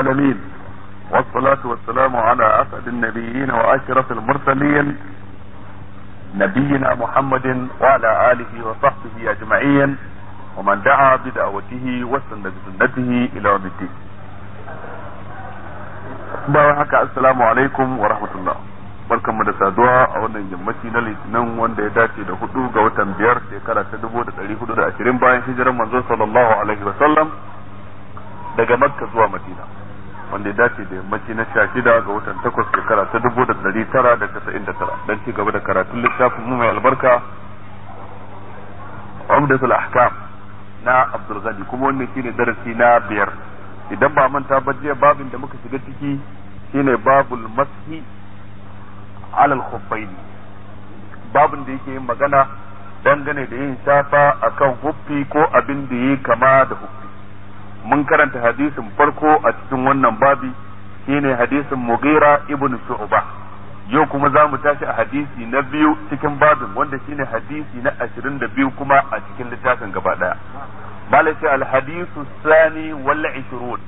العالمين والصلاة والسلام على أسعد النبيين وأشرف المرسلين نبينا محمد وعلى آله وصحبه أجمعين ومن دعا بدعوته وسن بسنته إلى يوم الدين barkan mu da saduwa a wannan yammaci na litinin wanda ya dace da hudu ga watan biyar shekara ta dubu da dari hudu da ashirin bayan hijiran manzo sallallahu alaihi wasallam daga makka zuwa madina wanda ya dace da yammaci na sha shida ga watan takwas shekara ta dubu da ɗari tara da casa'in da tara don ci gaba da karatun littafin mu mai albarka umdatul ahkam na abdul ghani kuma wannan shine darasi na biyar idan ba manta ba jiya babin da muka shiga ciki shine babul mashi alal khuffaini babin da yake yin magana dangane da yin shafa akan huffi ko abin da yi kama da huffi mun karanta hadisin farko a cikin wannan babi shine hadisin Mughira ibn shuba yau kuma za mu tashi a hadisi na biyu cikin babin wanda shine hadisi na ashirin da biyu kuma a cikin littafin gaba ɗaya malaki alhadisu sani wal ishirun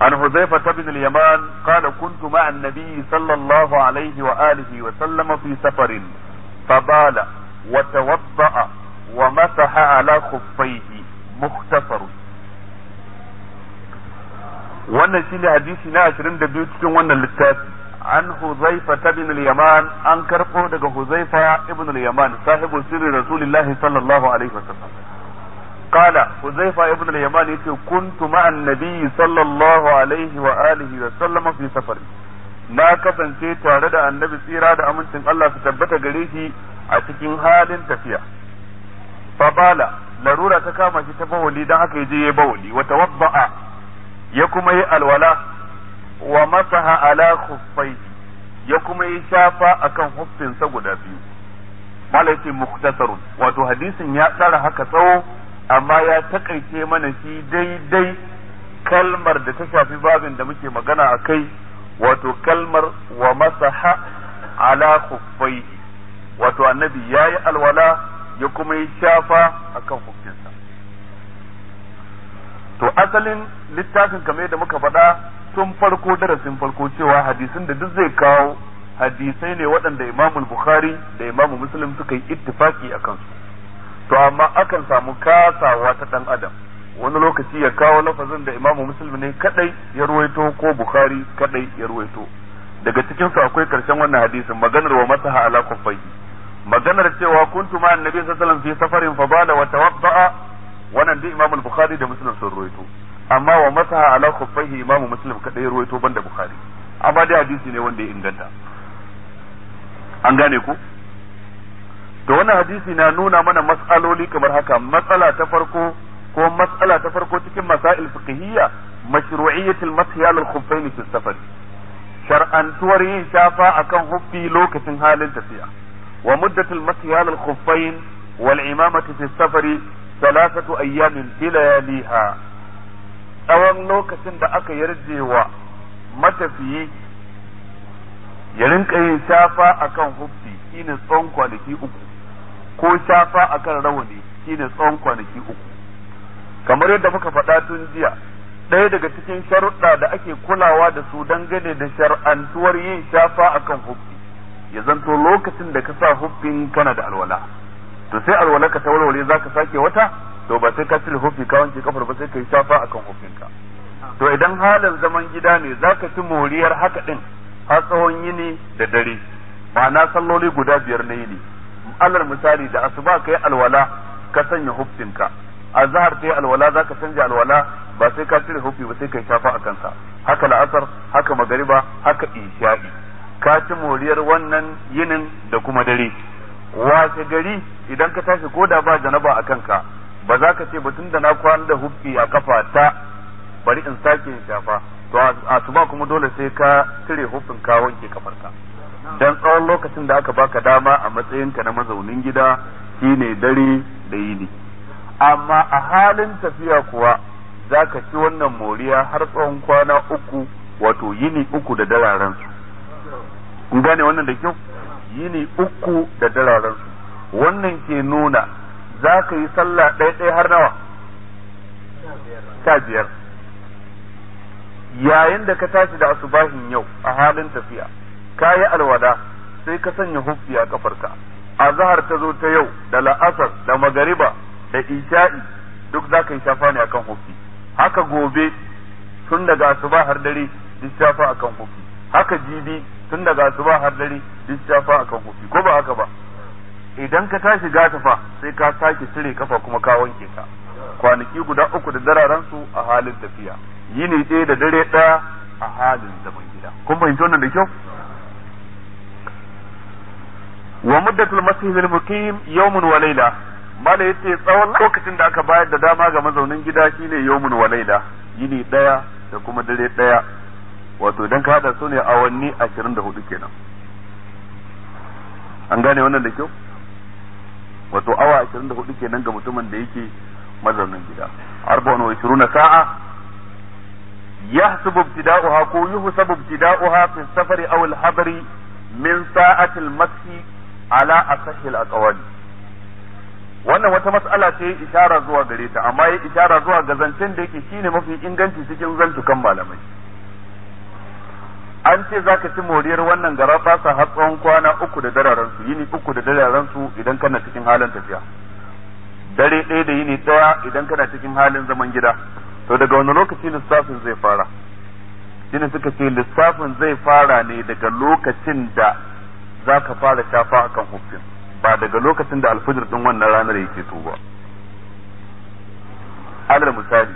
عن حذيفة بن اليمان قال كنت مع النبي صلى wa عليه وآله وسلم في wa فبال وتوضأ ومسح على خفيه مختصر wannan shine hadisi na 22 cikin wannan littafi an huzaifa bin al-yaman an karbo daga huzaifa ibn al-yaman sahibu sirri rasulullahi sallallahu alaihi wasallam قال حذيفة ابن اليمان كنت مع النبي صلى الله عليه وآله وسلم في سفر na kasance tare da annabi tsira da amincin Allah su tabbata gare shi a cikin halin tafiya fabala larura ta kama shi ta bawali dan haka yaje ya bawali ya kuma yi alwala wa masaha ala khuffai ya kuma yi shafa akan huffinsa guda biyu malaki muktasarun wato hadisin ya tsara haka tsawo amma ya takaice mana shi daidai kalmar da ta shafi babin da muke magana a kai wato kalmar wa masaha ala khuffai wato annabi yayi alwala ya kuma yi shafa akan huffinsa to asalin littafin kamar da muka faɗa tun farko darasin farko cewa hadisin da duk zai kawo hadisai ne waɗanda imamu bukhari da imamu muslim suka yi ittifaki a kansu to amma akan samu kasawa ta ɗan adam wani lokaci ya kawo lafazin da imamu muslim ne kadai ya ruwaito ko bukhari kadai ya ruwaito daga cikin su akwai karshen wannan hadisin maganar wa masaha ala kuffai maganar cewa kuntu ma annabi sallallahu alaihi fi safarin fa bala wa tawadda'a wannan duk imamul bukhari da muslim sun ruwaito amma wa masaha ala khuffaihi imamu muslim kadai ruwaito banda bukhari amma dai hadisi ne wanda ya inganta an gane ku to wannan hadisi na nuna mana mas'aloli kamar haka matsala ta farko ko matsala ta farko cikin masail fiqhiyya mashru'iyyatul mashi ala al fi safar shar'antuwar yin shafa akan huffi lokacin halin tafiya wa muddatul mashi ala al-khuffayn wal imamati fi safari salasatu ayyamin bilayaliha tsawon lokacin da aka yarje wa matafiyi ya rinka yin shafa akan hufi shine tsawon kwanaki uku ko shafa akan rawani shine tsawon kwanaki uku kamar yadda muka faɗa tun jiya ɗaya daga cikin sharuɗa da ake kulawa da su dangane da shar'antuwar yin shafa akan hufi ya zanto lokacin da ka sa hufin kana da alwala to sai alwalaka ta za ka sake wata to ba sai ka cire hufi ka wanke kafar ba sai ka yi shafa akan hufinka to idan halin zaman gida ne za ka ci moriyar haka ɗin har tsawon yini da dare ma'ana salloli guda biyar na yini alal misali da asuba ka yi alwala ka sanya hufinka azhar yi alwala za ka canja alwala ba sai ka cire hufi ba sai ka yi shafa a kansa haka la'asar haka magariba haka isha'i ka ci moriyar wannan yinin da kuma dare washe gari idan ka tashi ko da ba janaba a kanka ba za ka ce ba tun da na kwana da hufi a kafa ta bari in sake in shafa to a kuma dole sai ka cire hufin ka wanke kafarka dan tsawon lokacin da aka baka dama a matsayinka na mazaunin gida shine dare da yini amma a halin tafiya kuwa za ka ci wannan moriya har tsawon kwana uku wato yini uku da dararen su gane wannan da kyau yini uku da dararen wannan ke nuna za ka yi sallah ɗaya ɗaya har nawa sha biyar yayin da ka tashi da asubahin yau a halin tafiya ka yi alwada sai ka sanya hufi a kafarka zahar ta zo ta yau da la'asar da magariba da isha'i duk za ka yi shafa ne akan hufi haka gobe tun daga asuba har dare duk shafa akan hufi haka jibi tun daga ba har dare duk ta fa akan kofi ko ba haka ba idan ka tashi gata fa sai ka sake cire kafa kuma ka wanke ka kwanaki guda uku da dararen su a halin tafiya yini ɗaya da dare ɗaya a halin zaman gida kun fahimci wannan da kyau wa muddatul masjid al muqim yawmun wa layla mala yace tsawon lokacin da aka bayar da dama ga mazaunin gida shine yawmun wa layla yini ɗaya da kuma dare ɗaya. wato idan ka hada su ne awanni 24 kenan an gane wannan da kyau wato awa 24 kenan ga mutumin da yake mazaunin gida arba'un wa ishiruna sa'a yahsubu ibtida'uha ko yuhsabu ibtida'uha fi safari aw al min sa'ati al-maksi ala asahi al-aqwali wannan wata mas'ala ce ishara zuwa gare ta amma ya ishara zuwa ga zancen da yake shine mafi inganci cikin zantukan malamai an ce za ka ci moriyar wannan gara ba sa har tsawon kwana uku da dararen su yini uku da dararen su idan kana cikin halin tafiya dare ɗaya da yini ɗaya idan kana cikin halin zaman gida to daga wani lokaci lissafin zai fara shine suka ce lissafin zai fara ne daga lokacin da za ka fara shafa akan hufin ba daga lokacin da alfijir din wannan ranar yake to ba alal misali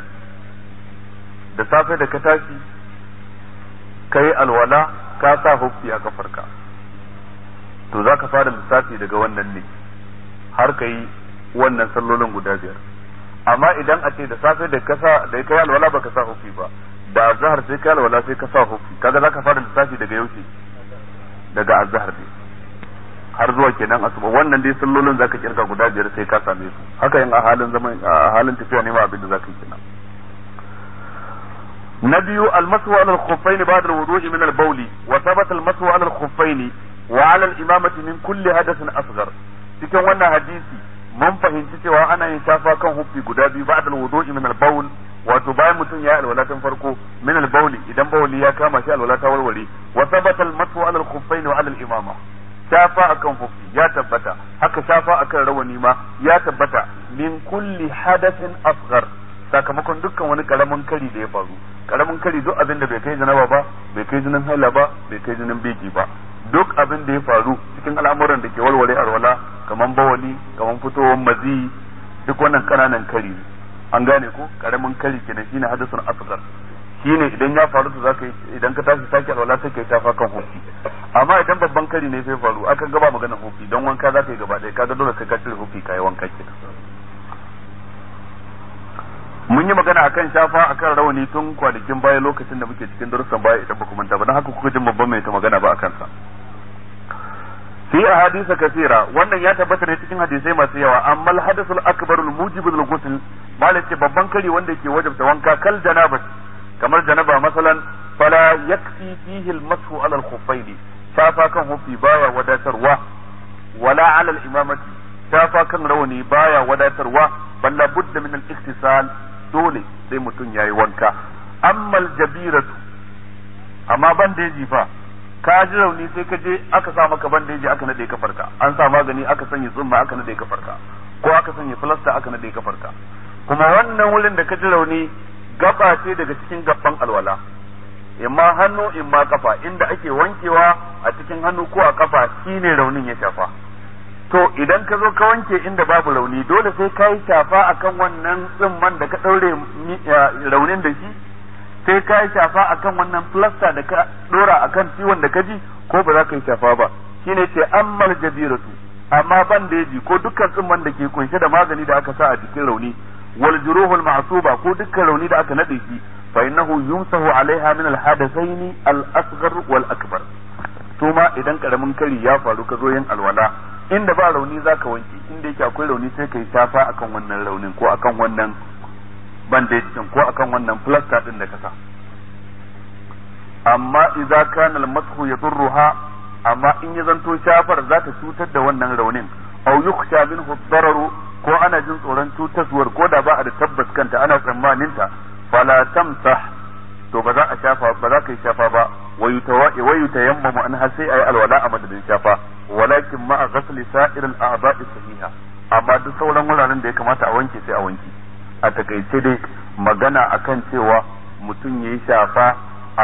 da safe da ka tashi kai alwala ka sa hukki a kafarka to za ka fara lissafi daga wannan ne har ka yi wannan sallolin guda biyar amma idan a ce da safe da ka sa da kai alwala baka sa hukki ba da azhar sai kai alwala sai ka sa hukki kaga za ka fara lissafi daga yaushe daga azhar ne har zuwa kenan asuba wannan dai sallolin zaka kirka guda biyar sai ka same su haka yin a halin zaman a halin tafiya ne ma abin da zaka yi kenan na biyu almasu ala al-khuffaini ba'da al-wudu'i min al-bawli wa thabata almasu ala al-khuffaini wa ala al-imamati min kulli hadathin asghar cikin wannan hadisi mun fahimci cewa ana yin shafa kan huffi guda biyu ba'da al-wudu'i min al-bawl wato bayan mutum ya alwala tun farko min al idan bawli ya kama shi alwala ta warware wa thabata al-masu ala al wa imama shafa akan ya tabbata haka shafa akan rawani ma ya tabbata min kulli hadasin asghar sakamakon dukkan wani karamin kari da ya faru karamin kari duk abin da bai kai janaba ba bai kai jinin haila ba bai kai jinin biki ba duk abin da ya faru cikin al'amuran da ke walwale arwala kaman bawali kaman fitowar mazi duk wannan kananan kari an gane ko karamin kari kenan shine hadisun asgar shine idan ya faru to zaka idan ka tashi sake alwala sai kai tafa kan hofi amma idan babban kari ne sai faru akan gaba magana hofi don wanka zaka yi gaba ɗaya kaga dole sai ka cire hofi kai wanka kenan mun yi magana akan shafa akan rawani tun kwanakin baya lokacin da muke cikin darussan baya idan baku manta ba dan haka kuka jin babban mai ta magana ba akan sa fi ahadisa kasira wannan ya tabbata ne cikin hadisai masu yawa amma al-hadathul akbar al-mujib al-ghusl ce babban kari wanda yake wajabta wanka kal janabat kamar janaba masalan fala yakfi fihi al-mashu ala al-khuffaini shafa kan hufi baya wadatarwa wala ala al-imamati shafa kan rawani baya wadatarwa balla budda min al dole sai mutum ya yi wanka ammal jabiratu amma bandeji fa ka ji rauni sai ka je aka sa maka bandeji aka nade kafarka an sa magani aka sanya tsumma aka nade kafarka ko aka sanya filasta aka nade kafarka kuma wannan wurin da ka ji rauni gaba ce daga cikin gaban alwala imma hannu imma kafa inda ake wankewa a cikin hannu ko a kafa shine raunin ya shafa to idan ka zo ka wanke inda babu rauni dole sai ka yi shafa akan wannan tsimman da ka ɗaure raunin da shi sai ka yi shafa akan wannan plasta da ka ɗora akan ciwon da ka ji ko ba za ka yi shafa ba shi ne ce ammal jabiratu amma ban da yaji ko dukkan tsimman da ke kunshe da magani da aka sa a jikin rauni wal juruhul ma'suba ko dukkan rauni da aka nade shi fa innahu yumsahu alaiha min al hadathaini al asghar wal akbar to ma idan karamin kari ya faru ka zo yin alwala inda ba rauni za ka wanke inda yake akwai rauni sai ka yi shafa akan wannan raunin ko akan wannan bandage din ko akan wannan plaster din da ka sa amma idza kana al-mashu yadurruha amma in ya zanto shafar za ta cutar da wannan raunin aw yukhsha minhu ad ko ana jin tsoron cutarwar ko da ba a da tabbas kanta ana tsammanin ta fala to ba za a shafa ba za ka yi shafa ba wa yutayammamu an har sai ayi alwala a madadin shafa walakin ma a ghasli sa'ir al a'dha'i sahiha amma duk sauran wuraren da ya kamata a wanke sai a wanke a takaice dai magana akan cewa mutum yayi shafa a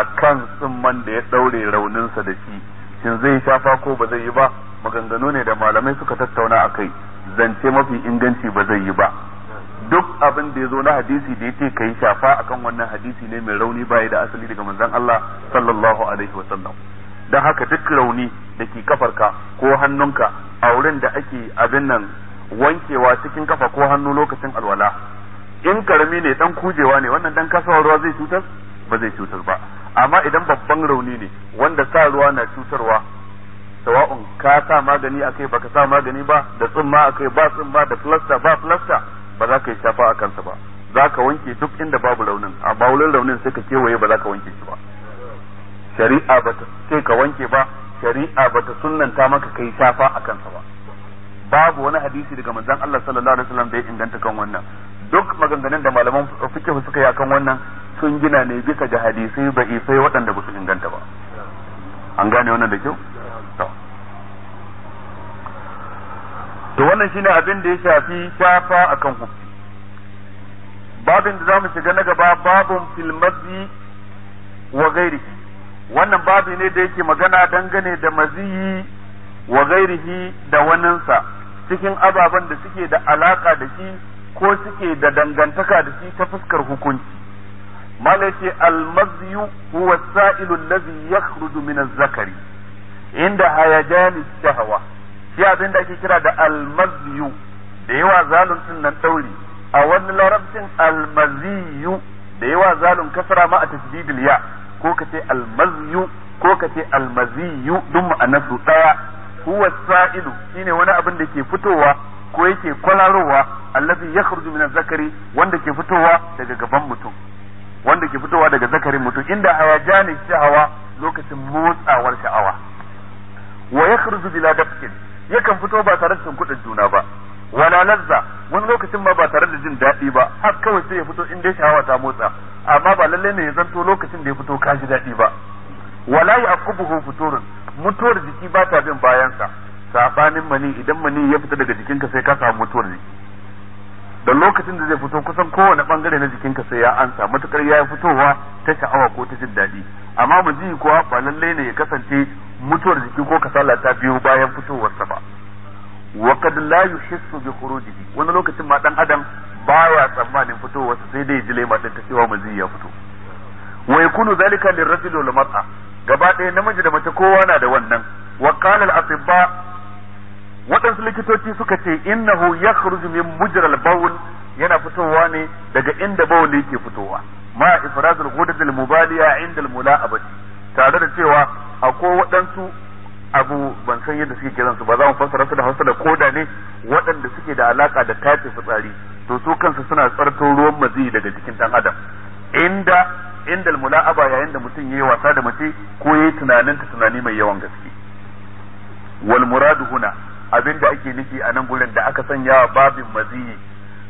akan tsumman da ya daure rauninsa da shi shin zai shafa ko ba zai yi ba maganganu ne da malamai suka tattauna a kai zance mafi inganci ba zai yi ba duk abin da ya zo na hadisi da yake kai shafa akan wannan hadisi ne mai rauni baya da asali daga manzon Allah sallallahu alaihi wasallam dan haka duk rauni da ke kafarka ko hannunka a wurin da ake abin nan wankewa cikin kafa ko hannu lokacin alwala in karami ne dan kujewa ne wannan dan kasawar ruwa zai cutar ba zai cutar ba amma idan babban rauni ne wanda sa ruwa na cutarwa sawa'un ka sa magani akai baka sa magani ba da tsumma akai ba tsumma da plaster ba plaster ba za ka yi shafa a kansa ba za ka wanke duk inda babu raunin a bawulin raunin sai ka kewaye ba za ka wanke shi ba shari'a ba ta sai ka wanke ba shari'a ba ta sunnanta maka kai shafa a kansa ba babu wani hadisi daga manzon Allah sallallahu alaihi wasallam da ya inganta kan wannan duk maganganun da malaman fiqh suka yi akan wannan sun gina ne bisa ga hadisai isai waɗanda ba su inganta ba an gane wannan da kyau to wannan shine abin da ya shafi shafa akan hufi babin da zamu shiga na gaba babun fil mazi wa ghairihi wannan babi ne da yake magana dangane da maziyi wa ghairihi da waninsa cikin ababen da suke da alaka da shi ko suke da dangantaka da shi ta fuskar hukunci malaki al-mazyu huwa as-sa'ilu allazi yakhruju min az-zakari inda hayajani shahwa shi abin da ake kira da almaziyu da yawa zalun din nan dauri a wani larabcin almaziyu da yawa zalun kasra ma a tasdidil ya ko kace almaziyu ko kace almaziyu duk ma'anarsu daya huwa sa'idu shine wani abin da ke fitowa ko yake kwalarowa allazi yakhruju min zakari wanda ke fitowa daga gaban mutum wanda ke fitowa daga zakarin mutum inda hayajani sha'awa lokacin motsawar sha'awa wa yakhruju bila dafkin yakan fito ba tare da tunkuɗin juna ba wala lazza wani lokacin ma ba tare da jin daɗi ba har kawai sai ya fito in dai shawa ta motsa amma ba lalle ne ya zanto lokacin da ya fito ka ji daɗi ba wala ya akubuhu futurun mutuwar jiki ba ta bin bayansa safanin mani idan mani ya fita daga jikinka sai ka samu mutuwar jiki da lokacin da zai fito kusan kowane bangare na jikinka sai ya ansa matukar ya fitowa ta sha'awa ko ta jin daɗi amma mu ji kuwa ba lallai ne ya kasance mutuwar jiki ko kasala ta biyo bayan fitowarsa ba wa kad la yuhissu bi khurujihi wani lokacin ma dan adam baya tsammanin fitowarsa sai dai dilema din ta cewa mazi ya fito wa yakunu zalika lirrajuli wal mar'a gaba ɗaya namiji da mace kowa na da wannan wa qala al-atibba waɗansu likitoci suka ce innahu yakhruju min mujral bawl yana fitowa ne daga inda bawli yake fitowa ma ifrazul ghudud al mubaliya inda al mula'abati tare da cewa akwai waɗansu abu ban san yadda suke kiran su ba za mu fassara su da hausa da koda ne waɗanda suke da alaka da tace fitsari to su kansu suna tsartar ruwan mazi daga jikin dan adam inda inda mula'aba yayin da mutum yayi wasa da mace ko yayi tunanin ta tunani mai yawan gaske wal muradu huna abinda ake nufi a nan gurin da aka sanya babin mazi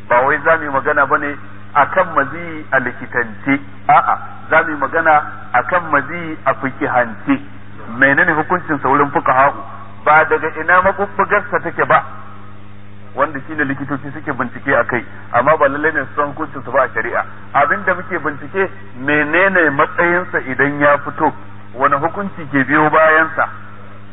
ba wai za mu magana bane akan mazi a likitance a'a za mu yi magana akan mazi a fikihance menene hukuncin saurin fuqaha'u ba daga ina makubbugarsa take ba wanda shi ne likitoci suke bincike a kai amma ba lallai ne san hukuncin su ba a shari'a abinda muke bincike menene matsayinsa idan ya fito wani hukunci ke biyo bayansa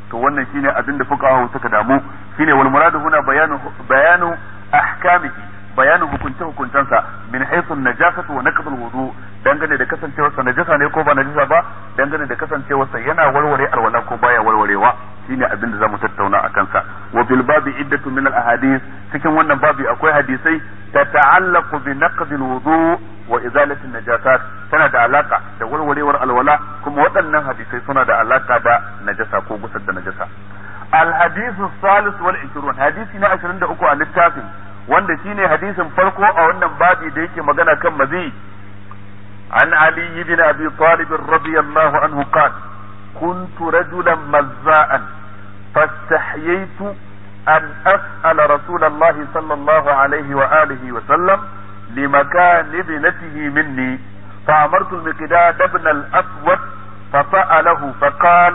to wannan shine abinda fuka suka damu shine wal muradu huna bayanu bayanu ahkamihi bayanin hukunce hukuncensa min haythu najasatu wa naqdul wudu dangane da kasancewar sa najasa ne ko ba najasa ba dangane da kasancewar sa yana warware alwala ko baya warwarewa shine abin da zamu tattauna a kansa wa bil babi iddatu min al cikin wannan babi akwai hadisai tata'allaqu bi naqdil wudu wa izalati najasat tana da alaka da warwarewar alwala kuma waɗannan hadisai suna da alaka da najasa ko gusar da najasa الحديث الثالث والعشرون حديثنا عشرين دقوا على littafin. wanda shine hadisin farko a wannan babi da yake magana kan mazi an ali ibn abi talib radiyallahu anhu qala kuntu rajulan mazza'an fastahyaytu an as'ala rasulullah sallallahu alaihi wa alihi wa sallam لمكان ابنته مني فأمرت المقداد ابن الأسود فسأله فقال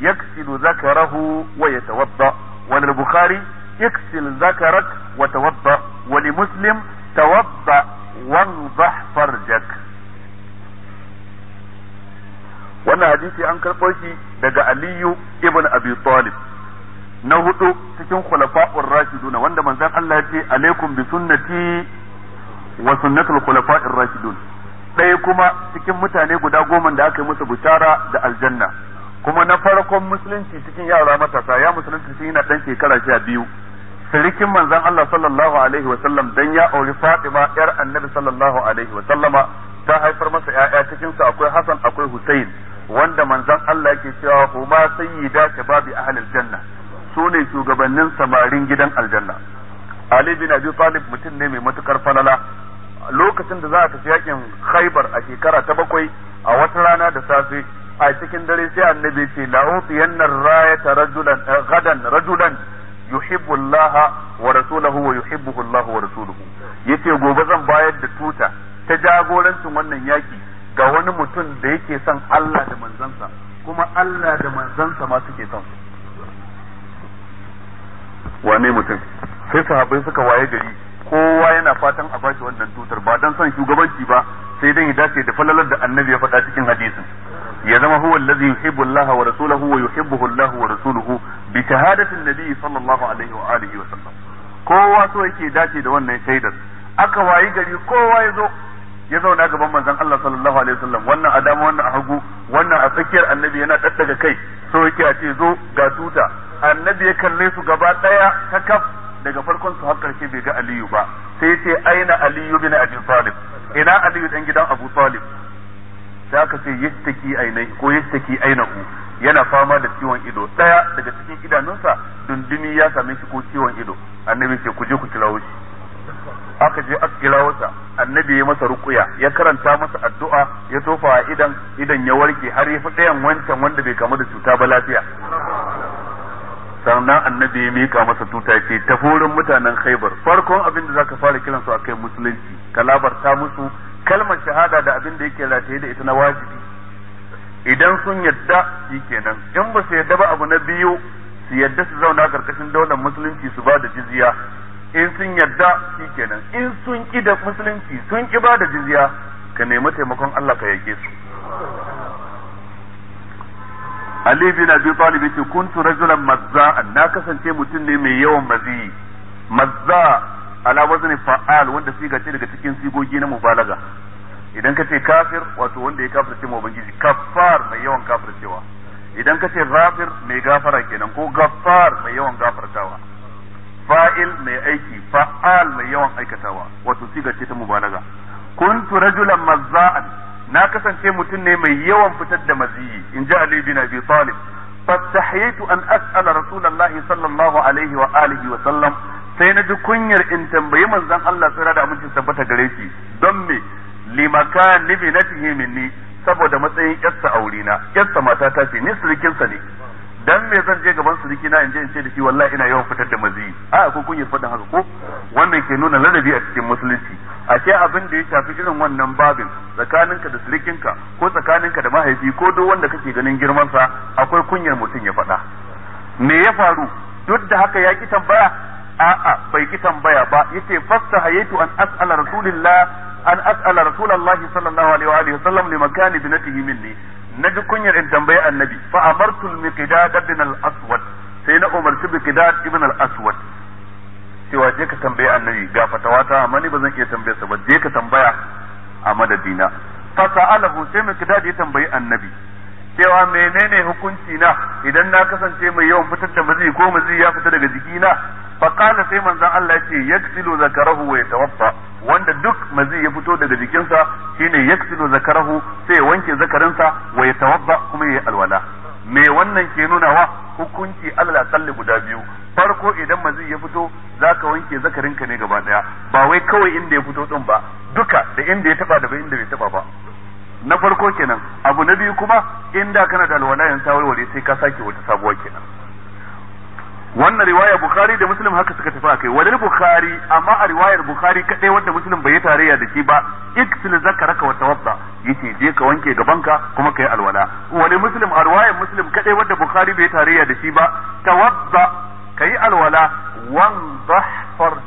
يكسل ذكره ويتوضأ وللبخاري اغسل ذكرك وتوضا ولمسلم توضا وانضح فرجك wannan hadisi an karɓo shi daga Aliyu ibn Abi Talib na hudu cikin khulafa'ur rashiduna wanda manzon Allah ya ce alaikum bi sunnati wa sunnatul khulafa'ir rashidun ɗaya kuma cikin mutane guda goma da aka yi musu bishara da aljanna kuma na farkon musulunci cikin yara matasa ya musulunci shi yana ɗan shekara sha biyu sirikin Manzan Allah sallallahu alaihi wa sallam dan ya auri Fatima yar Annabi sallallahu alaihi wa ta haifar masa 'ya'ya cikin akwai Hassan akwai Hussein wanda Manzan Allah yake cewa huma sayyida shababi ahli aljanna ne shugabannin samarin gidan aljanna Ali bin Abi Talib mutum ne mai matukar falala lokacin da za a tafi yakin Khaibar a shekara ta bakwai a wata rana da safe a cikin dare sai annabi ce na rayata rajulan eh, gadan rajulan yuhibbu Allah wa rasuluhu wa yuhibbuhu Allah wa rasuluhu yace gobe zan bayar da tuta ta jagorancin wannan yaki ga wani mutum da yake son Allah da manzansa kuma Allah da manzansa ma suke son wane mutum sai sahabbai suka waye gari kowa yana fatan a bashi wannan tutar ba dan son shugabanci ba sai dan ya dace da falalar da annabi ya faɗa cikin hadisin ya zama huwa allazi yuhibbu Allah wa wa yuhibbuhu Allah wa rasuluhu bi nabi sallallahu alaihi wa alihi wa sallam kowa so yake dace da wannan shaidar aka wayi gari kowa ya zo ya zauna gaban manzon Allah sallallahu alaihi wannan a dama wannan a hagu wannan a tsakiyar annabi yana daddaga kai so yake a ce zo ga tuta annabi ya kalle su gaba daya ta kaf daga farkon su har karshe bai ga Aliyu ba sai ya ce aina Aliyu bin Abi Talib ina Aliyu dan gidan Abu Talib da aka ce yastaki ainai ko yastaki ainahu yana fama da ciwon ido daya daga cikin idanunsa dundumi ya same shi ko ciwon ido annabi ce ku je ku kirawo shi aka je aka kirawo sa annabi ya masa ruqya ya karanta masa addu'a ya tofa idan idan ya warke har ya fi yan wancan wanda bai kamu da cuta ba lafiya sannan annabi ya mika masa tuta ce ta mutanen khaibar farkon abin da zaka fara kiransu akai musulunci ka labarta musu kalmar shahada da abin da yake rataye da ita na wajibi idan sun yadda shi kenan in ba su yadda ba abu na biyu su yadda su zauna karkashin daular musulunci su ba da jizya in sun yadda shi kenan in sun ki da musulunci sun ki ba da jizya ka nemi taimakon Allah ka yake su Ali bin Abi Talib ce kuntu rajulan mazza'an na kasance mutum ne mai yawan mazi mazza ala wazni fa'al wanda siga ce daga cikin sigogi na mubalaga idan ka ce kafir wato wanda ya kafir ce ubangiji kafar mai yawan cewa idan ka ce rafir mai gafara kenan ko gaffar mai yawan gafartawa fa'il mai aiki fa'al mai yawan aikatawa wato siga ce ta mubalaga kuntu rajulan mazza'an na kasance mutum ne mai yawan fitar da maziyi in ji Ali bin Abi Talib fastahiyitu an as'ala rasulullahi sallallahu alaihi wa alihi wa sallam sai na ji kunyar in tambayi manzon Allah tsira da amincin tabbata gare shi don me limakan nibi na minni saboda matsayin a aurina yarsa mata ta ce ni surikinsa ne dan me zan je gaban suriki na in je in ce da shi wallahi ina yawan fitar da mazi a ko kunyar yi faɗin haka ko wannan ke nuna ladabi a cikin musulunci a ce abin da ya shafi irin wannan babin tsakaninka da surikinka ko tsakaninka da mahaifi ko duk wanda kake ganin girmansa akwai kunyar mutum ya faɗa me ya faru duk da haka ya ki tambaya a'a bai ki tambaya ba yace fasta hayaitu an as'ala rasulillah an as'ala rasulullah sallallahu alaihi wa alihi wasallam li makani binatihi minni na ji kunyar in tambayi annabi fa amartu al-miqdad ibn al-aswad sai na umarci miqdad ibn al-aswad cewa je ka tambayi annabi ga fatawa ta amma ni ba zan iya tambayar sa ba je ka tambaya a madadina fa sa'alahu sai miqdad ya tambayi annabi cewa menene hukunci na idan na kasance mai yawan fitar da mazi ko mazi ya fita daga jikina fa kana sai manzon Allah yace yaksilu zakarahu wa yatawaffa wanda duk mazi ya fito daga jikinsa shine yaksilu zakarahu sai wanke zakarinsa wa yatawaffa kuma yayi alwala me wannan ke nuna wa hukunci Allah kalli guda biyu farko idan mazi ya fito zaka wanke zakarinka ne gaba daya ba wai kawai inda ya fito din ba duka da inda ya taba da inda bai taba ba na farko kenan abu na biyu kuma inda kana da alwala yanzu sai ka sake wata sabuwa kenan wannan riwaya bukhari da muslim haka suka tafi akai wadar bukhari amma a riwayar bukhari kadai wanda muslim bai yi tarayya da shi ba iksil zakaraka wa tawadda yace je ka wanke gabanka kuma kai alwala wani muslim a riwayar muslim kadai wanda bukhari bai yi tarayya da shi ba tawadda kai alwala wan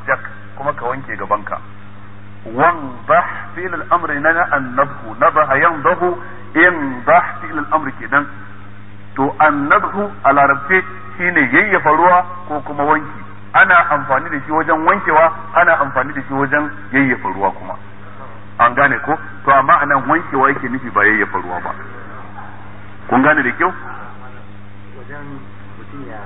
jak kuma ka wanke gabanka wanzah fil al-amr na annabhu nabaha yanzahu in bah fil al-amr kidan to annabhu a larabce shine yayyafa ruwa ko kuma wanki ana amfani da shi wajen wankewa ana amfani da shi wajen yayyafa ruwa kuma an gane ko to amma anan wankewa yake nufi ba yayyafa ruwa ba kun gane da kyau wajen mutum ya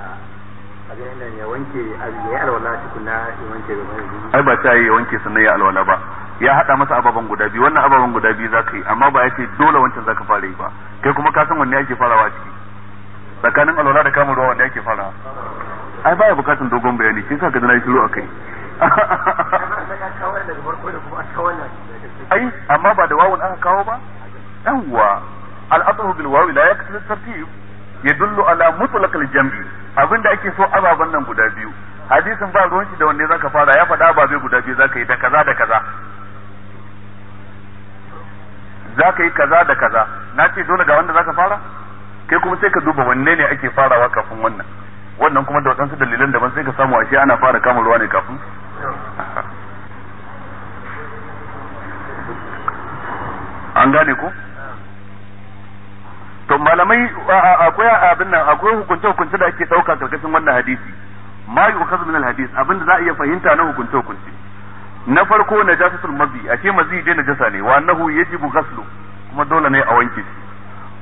ai ba ta yi ya wanke sannan ya alwala ba ya hada masa ababen guda biyu wannan ababen guda biyu zaka yi amma ba ya ce dole wancan zaka fara yi ba kai kuma ka san wanne yake farawa ciki tsakanin alwala da kamun ruwa wanne yake fara ai ya bukatun dogon bayani kin sa ka na shiru akai ai amma ba da wawun aka kawo ba yawwa al bil wawi la yaqtadi tartib yadullu ala mutlaqil jami da ake so ababen nan guda biyu hadisin ba ruwan shi da wanne zaka fara ya faɗa ababe guda biyu zaka yi da kaza da kaza zaka yi kaza da kaza na ce dole ga wanda zaka fara kai kuma sai ka duba wanne ne ake farawa kafin wannan wannan kuma da waɗansu dalilan daban sai ka samu ashe ana fara kama ruwa ne kafin an gane ko to malamai akwai abin nan akwai hukunce hukunce da ake dauka karkashin wannan hadisi ma yu'khadhu min alhadis abin da za a iya fahimta na hukunce hukunce na farko najasatul mazi ce mazi dai najasa ne wa annahu yajibu ghaslu kuma dole ne a wanke shi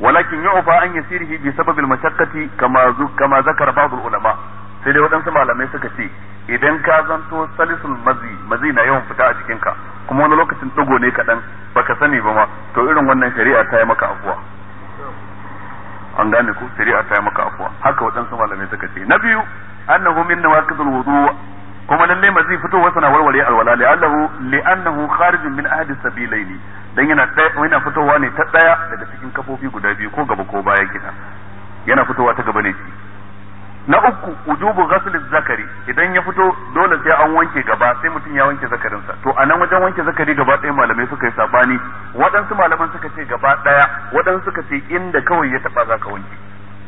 walakin yu'fa an yasirihi bi sababil mashaqqati kama kama zakara ba'd ulama sai dai wadansu malamai suka ce idan ka zanto salisul mazi mazi na yawan fita a cikin ka kuma wani lokacin dugo ne kaɗan baka sani ba ma to irin wannan shari'a ta yi maka afuwa an gane ku shari'a ta yi maka afuwa haka waɗansu malamai suka ce na biyu annahu minna nawaqidul wudu kuma lalle mazi fitowa sana warware alwala li'allahu li'annahu kharijun min ahadi sabilaini dan yana yana fitowa ne ta daya daga cikin kafofi guda biyu ko gaba ko baya kina yana fitowa ta gaba ne na uku wujubu ghasl zakari idan ya fito dole sai an wanke gaba sai mutum ya wanke zakarinsa to anan wajen wanke zakari gaba ɗaya malamai suka yi sabani waɗansu malaman suka ce gaba ɗaya waɗansu suka ce inda kawai ya taɓa zaka wanke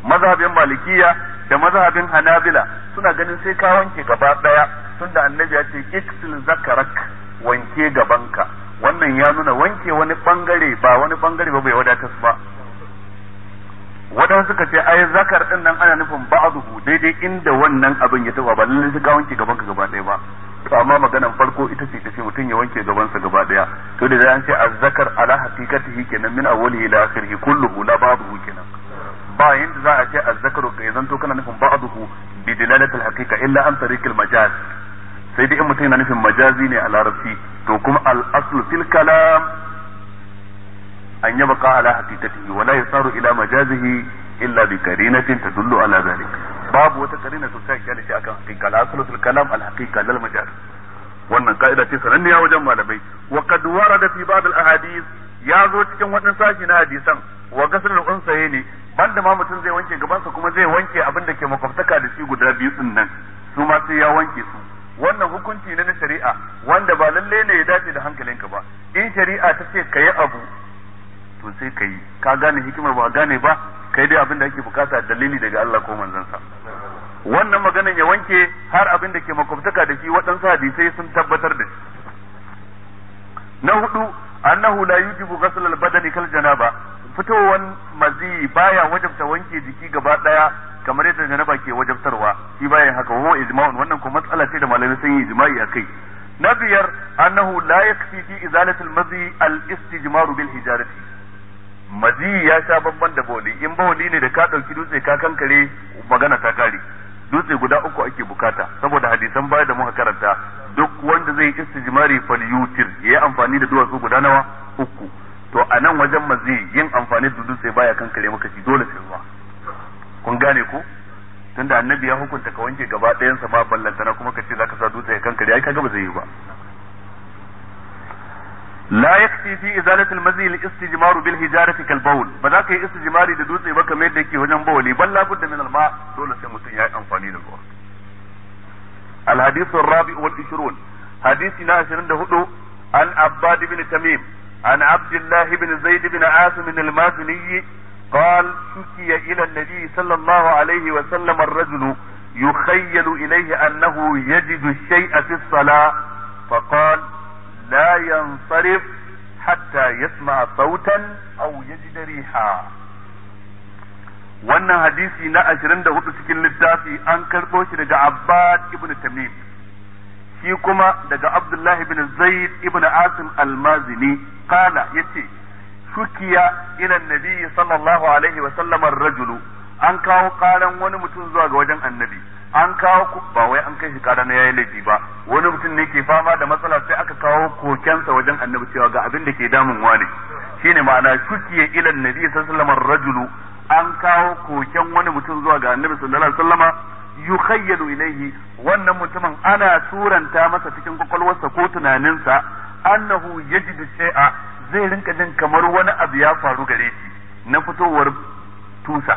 mazhabin malikiya da mazhabin hanabila suna ganin sai ka wanke gaba ɗaya tunda annabi ya ce iksil zakarak wanke gabanka wannan ya nuna wanke wani bangare ba wani bangare ba bai wadatar ba waɗansu suka ce ai zakar din nan ana nufin ba'dahu daidai inda wannan abin ya taba ba lallai ka wanke gaban ka gaba ɗaya ba to amma maganan farko ita ce ce mutum ya wanke gaban sa gaba ɗaya to da an ce azzakar ala haqiqatihi kenan min awwalihi ila akhirih kulluhu la ba'dahu kenan ba yanda za a ce azzakaru ka zanto kana nufin ba'dahu bi dilalati alhaqiqa illa an tariqil majaz sai dai in mutum yana nufin majazi ne a larabci to kuma al aslu fil kalam an yabqa ala haqiqatihi wa la yasaru ila majazihi illa bi karinatin tadullu ala dhalik babu wata karina to sai kyale shi akan haqiqa al aslu kalam al haqiqa lal wannan ka'ida ce sananniya wajen malamai wa qad warada fi ba'd al ahadith ya zo cikin wannan sashi na hadisan wa ghusl al ne. banda ma mutum zai wanke gabansa kuma zai wanke abin da ke makwabtaka da shi guda biyu din nan su ma sai ya wanke su wannan hukunci ne na shari'a wanda ba lalle ne ya dace da hankalinka ba in shari'a ta ce ka yi abu to sai ka yi ka gane hikimar ba gane ba kai dai abin da ake bukata dalili daga Allah ko manzansa wannan maganan ya wanke har abin da ke makwabtaka da shi waɗansu hadisai sun tabbatar da shi na hudu annahu la yujibu ghasl al badani kal janaba fitowan mazi baya wajabta wanke jiki gaba daya kamar yadda janaba ke wajabtarwa shi bayan haka huwa ijma'un wannan kuma matsala ce da malamai sun yi ijma'i akai na biyar annahu la yakfi fi izalati al mazi al istijmaru bil hijarati maji ya sha babban da bauli in bauli ne da ka ɗauki dutse ka kankare magana ta kare dutse guda uku ake bukata saboda hadisan baya da muka karanta duk wanda zai istijmari yutir yayi amfani da duwatsu guda nawa uku to a nan wajen maji yin amfani da dutse baya kankare maka shi dole sai ruwa kun gane ko tunda annabi ya hukunta ka wanke gaba ɗayan sa ma ballantana kuma ka ce zaka sa dutse kankare ai kaga ba zai yi ba la yakfi fi izalati al-mazi al-istijmaru bil hijarati kal bawl ba za ka yi istijmari da dutse ba kamar yadda yake wajen bawli bal la budda min al-ma dole sai mutum ya yi amfani da ruwa al-hadith ar-rabi wal 20 hadisi na 24 an abbad ibn tamim an abdullah ibn zaid ibn asim al-mazini قال شكي إلى النبي صلى الله عليه وسلم الرجل يخيل إليه أنه يجد الشيء في الصلاة فقال لا ينصرف حتى يسمع صوتا أو يجد ريحا wannan hadisi na hudu cikin littafi an karɓo shi daga Abbad ibn Tamim shi kuma daga Abdullah ibn Zaid ibn Asim al-Mazini kala ce, shukiya ila nabi sallallahu alaihi wa rajulu an kawo karan wani mutum zuwa ga wajen annabi an kawo ba wai an kai shi kara na yayi laifi ba wani mutum ne ke fama da matsala sai aka kawo kokensa wajen annabi cewa ga abin da ke damun wani shine ma'ana shukiya ilan nabi sallallahu alaihi wasallam rajulu an kawo koken wani mutum zuwa ga annabi sallallahu alaihi wasallama yukhayyalu ilayhi wannan mutumin ana turanta masa cikin kwakwalwarsa ko tunaninsa annahu yajidu shay'a zai rinka jin kamar wani abu ya faru gare shi na fitowar tusa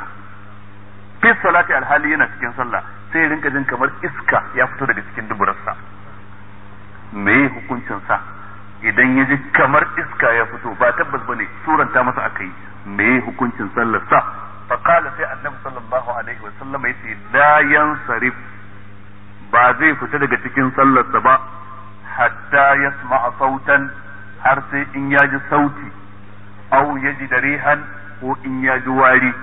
fi salati alhali yana cikin sallah sai rinka jin kamar iska ya fito daga cikin duburarsa me hukuncin sa idan ya ji kamar iska ya fito ba tabbas ba ne suranta masa aka yi me hukuncin sallar sa sai annabi sallallahu alaihi wa sallam ce la yansarif ba zai fita daga cikin sallarsa ba hatta yasma'a sautan har sai in ya ji sauti au ya ji da ko in ya ji wari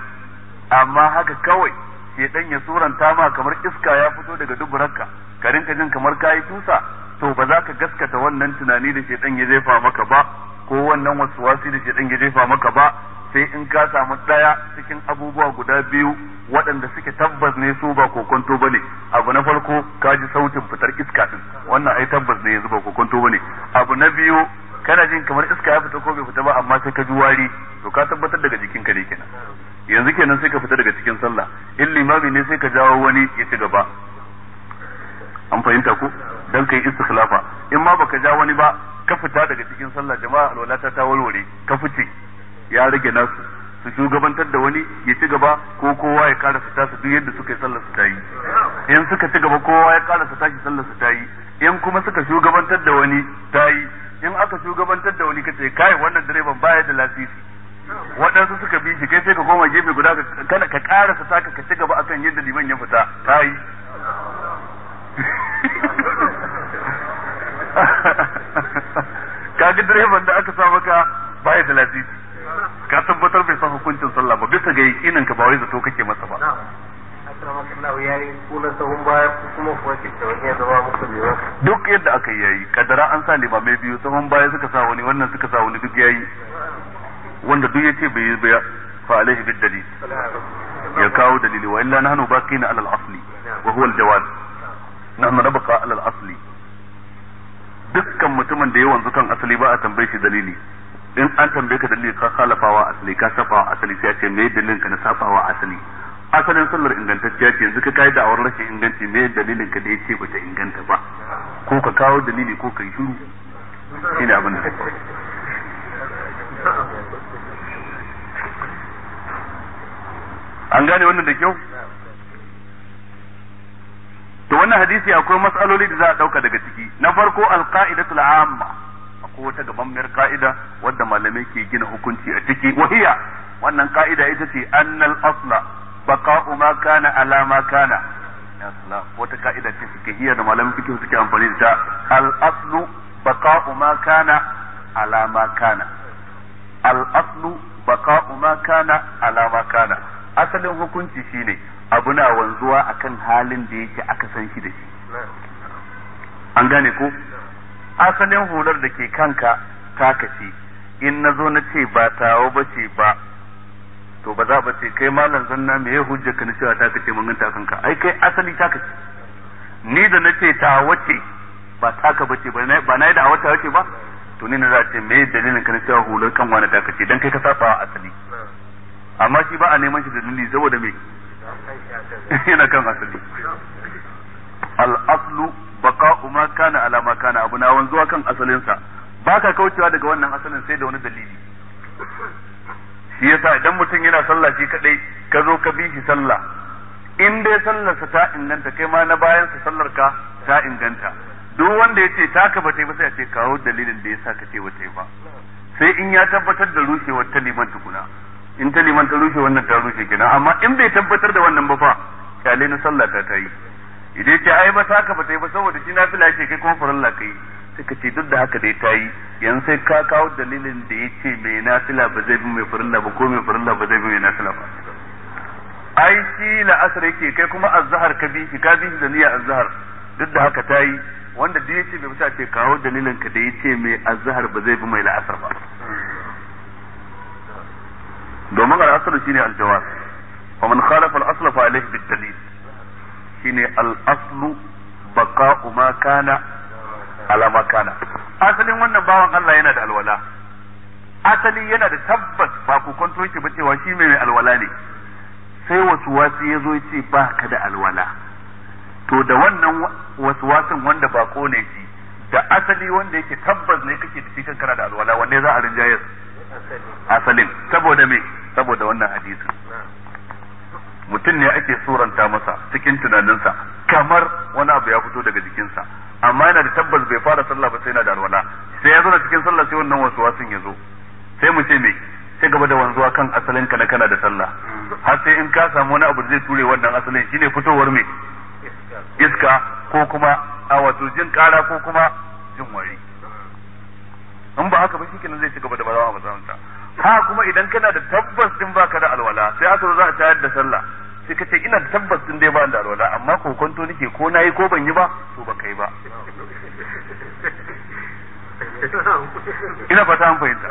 amma haka kawai shedan ya suranta ma kamar iska ya fito daga duburarka ka rinka jin kamar kayi tusa to ba za ka gaskata wannan tunani da shedan ya jefa maka ba ko wannan waswasi da shedan ya jefa maka ba sai in ka samu daya cikin abubuwa guda biyu waɗanda suke tabbas ne su ba kokonto bane abu na farko ka ji sautin fitar iska din wannan ai tabbas ne yanzu ba kokonto bane abu na biyu kana jin kamar iska ya fita ko bai fita ba amma sai ka ji wari to ka tabbatar daga jikinka ne kenan yanzu kenan sai ka fita daga cikin sallah in limami ne sai ka jawo wani ya ci gaba an fahimta ko dan kai istikhlafa in ma baka ja wani ba ka fita daga cikin sallah jama'a alwalata ta warware ka fice ya rage nasu su shugabantar da wani ya ci gaba ko kowa ya kara fita su duk yadda suka yi sallar su ta yi in suka ci gaba kowa ya kara fita shi sallar su ta yi in kuma suka shugabantar da wani ta yi in aka shugabantar da wani kace kai wannan direban baya da lasisi waɗansu suka bi shi kai sai ka koma gefe guda kana ka karasa taka ka ci gaba akan yadda liman ya fita ta yi ka ga direban da aka samu ka baya da lasisi ka tabbatar bai san hukuncin sallah ba bisa ga yakinin ka ba wai zato kake masa ba duk yadda aka yi yayi kadara an sa mai biyu sahun baya suka sa wani wannan suka sa wani duk yayi wanda duk yace bai yi baya fa alaihi bid dalil ya kawo dalili wa illa nahnu baqina ala al-asli wa huwa al-jawaz nahnu nabqa ala al-asli dukkan mutumin da ya wanzu kan asali ba a tambaye shi dalili in an tambaye ka dalili ka khalafawa asali ka safawa asali sai ce me dalilin ka na safawa asali asalin sallar ingantacciya ce yanzu ka kai da awar rashin inganci me dalilin ka da ya ce bata inganta ba ko ka kawo dalili ko kai shiru shine abin da an gane wannan da kyau to wannan hadisi akwai matsaloli da za a dauka daga ciki na farko alqaidatul amma akwai wata gabammiyar ka'ida wadda malamai ke gina hukunci a ciki wahiya wannan ka'ida ita ce annal asla baqa'u ma kana ala ma kana wata ka'ida ce suke hiya da malamai fikihu suke amfani da ta al aslu baqa'u ma kana ala ma kana al aslu baqa'u ma kana ala ma kana asalin hukunci shine abu na wanzuwa akan halin da yake aka san shi da shi an gane ko asalin hular da ke kanka taka ce in na zo na ce ba tawo ba ce ba to ba za ba ce kai malam zanna me ya hujja ka na cewa ta ce mun ganta kanka ai kai asali taka ce ni da na ce ta wace ba taka ba ce ba na yi da wata wace ba to ni na za ce me dalilin ka na cewa hular kan wani taka ce dan kai ka saba asali amma shi ba a neman shi da dalili saboda me yana kan asali al aslu baka ma kana ala ma kana abu na wanzuwa kan asalin sa baka kaucewa daga wannan asalin sai da wani dalili shi yasa idan mutum yana sallah shi kadai ka zo ka bi shi sallah in dai sallarsa ta inganta kai ma na bayan sa sallar ka ta inganta duk wanda yace taka ba ta ba sai a ce kawo dalilin da yasa ka ce ba ta ba sai in ya tabbatar da rushewar ta neman tukuna in ta liman ta rushe wannan ta rushe kenan amma in bai tabbatar da wannan ba fa kyale na sallah ta tayi yi idan ce ai ba ta ka ba ta yi ba saboda shi na fila ce kai kuma la kai yi ka ce duk da haka dai ta yi yanzu sai ka kawo dalilin da ya ce mai nafila ba zai bi mai la ba ko mai la ba zai bi mai nafila ba ai shi la'asar yake kai kuma azhar ka bi shi ka bi da niyya azhar duk da haka ta yi wanda da yace bai fita ce kawo dalilin ka da yace mai azhar ba zai bi mai la'asar ba domin al'asr shine aljawaz wa man khalafa al'asl fa alayhi bid dalil shine al'aslu baqa'u ma kana ala ma kana asalin wannan bawan Allah yana da alwala asali yana da tabbas ba ku kwanto yake ba cewa shi mai alwala ne sai wasu wasu ya zo ce ba ka da alwala to da wannan wasu wasun wanda ba ne shi da asali wanda yake tabbas ne kake da shi kankara da alwala wanne za a rinjayar asalin saboda me saboda wannan hadisi mutum ne ake suranta masa cikin tunaninsa kamar wani abu ya fito daga jikinsa amma yana da tabbas bai fara sallah ba sai yana da alwala sai ya zo cikin sallah sai wannan wasu wasan ya zo sai mu ce me sai gaba da wanzuwa kan asalin ka na kana da sallah har sai in ka samu wani abu zai ture wannan asalin shine fitowar me iska ko kuma a wato jin kara ko kuma jin wari in ba haka ba kenan zai ci gaba da bazawa a ta. ha kuma idan kana da tabbas din baka da alwala sai aka zo za a tayar da sallah sai ka ce ina da tabbas din dai ba da alwala amma kokonto nake ko nayi ko ban yi ba to ba kai ba ina fata an fahimta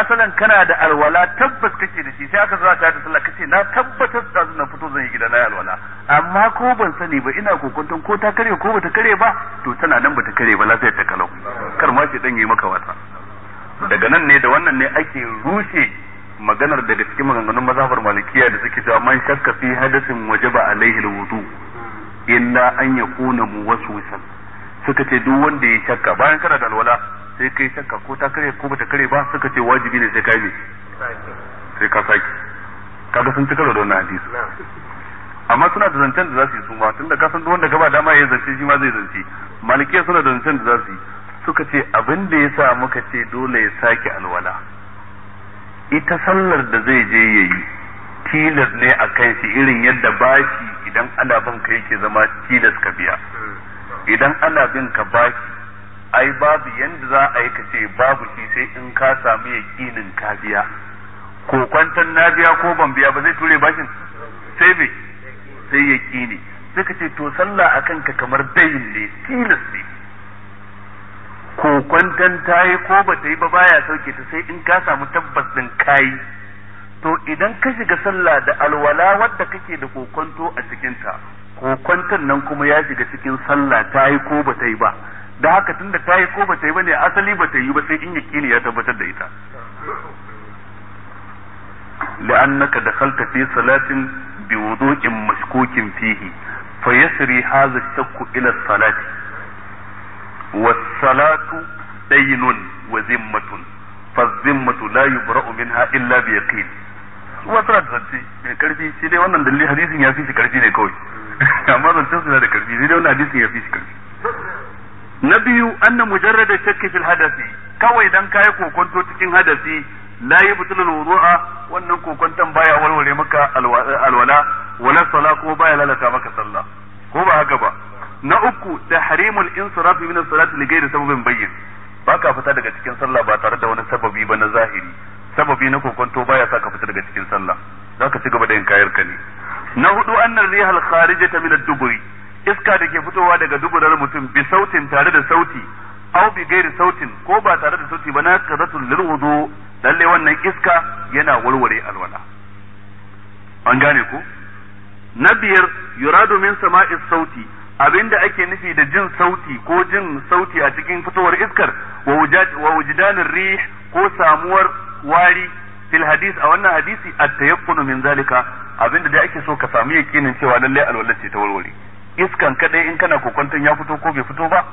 asalan kana da alwala tabbas kake da shi sai aka zo ta da sallah kace na tabbatar da zan fito zan yi gida na alwala amma ko ban sani ba ina kokonton ko ta kare ko bata kare ba to tana nan bata kare ba lafiya ta kalau kar ma ce dan yi maka wata daga nan ne da wannan ne ake rushe maganar da cikin maganganun mazhabar malikiya da suke cewa man shakka fi hadasin wajaba alaihi alwudu illa an yakuna muwaswisan suka ce duk wanda ya shakka bayan kana da alwala sai kai shakka ko ta kare ko bata kare ba suka ce wajibi ne sai kai ne sai ka saki kaga sun ci karo da wannan hadisi amma suna da zancen da za su yi su ma tunda ka san duk wanda gaba dama ya zance shi ma zai zance malikiya suna da zancen da za su yi suka ce abin da ya sa muka ce dole ya sake alwala ita sallar da zai je ya yi tilas ne a kan shi irin yadda shi idan ana bin ka yake zama tilas ka biya idan ana bin ka shi, ai babu yanda za a yi ka ce babu shi sai in ka samu yaƙinin ka biya ko kwantan na biya ko ban biya ba zai ture bashin sai me sai yaƙini suka ce to sallah akan ka kamar dayin ne tilas ne ko kwantan ta yi ko ba ta yi ba baya sauke ta sai in ka samu tabbas din kai to idan ka shiga sallah da alwala wadda kake da kokonto a cikinta kokonton nan kuma ya shiga cikin sallah ta yi ko ba ta yi ba da haka tunda ta yi ko ba ta yi ba ne asali ba ta yi ba sai in yakini ya tabbatar da ita لأنك دخلت في صلاة بوضوء مشكوك فيه فيسري هذا الشك إلى الصلاة والصلاة دين وذمة فالذمة لا يبرأ منها إلا بيقين kuma suna da zance mai karfi shi dai wannan dalilin hadisin ya fi shi karfi ne kawai amma zancen suna da karfi shi da wannan hadisin ya fi shi karfi na biyu anna mujarrada shakki fil hadasi kawai dan kai kokonto cikin hadasi la yubtul wudu'a wannan kokonton baya warware maka alwala wala sala ko baya lalata maka sallah ko ba haka ba na uku tahrimul insiraf min as-salati li ghairi sababin bayyin baka fita daga cikin sallah ba tare da wani sababi ba na zahiri sababi na kokonto baya sa ka fita daga cikin sallah zaka ci gaba da yin kayar ka ne na hudu annar rihal kharijata min ad-duburi iska da ke fitowa daga duburar mutum bi sautin tare da sauti aw bi gairi sautin ko ba tare da sauti ba na kazatul lil wudu lalle wannan iska yana warware alwala an gane ku na biyar yuradu min sama'i sauti abinda ake nufi da jin sauti ko jin sauti a cikin fitowar iskar wa wujdanin rih ko samuwar wari fil hadis a wannan hadisi at-tayaqqunu min zalika abinda da ake so ka samu yakinin cewa lalle alwala ce ta warware iskan kadai in kana kokonton ya fito ko bai fito ba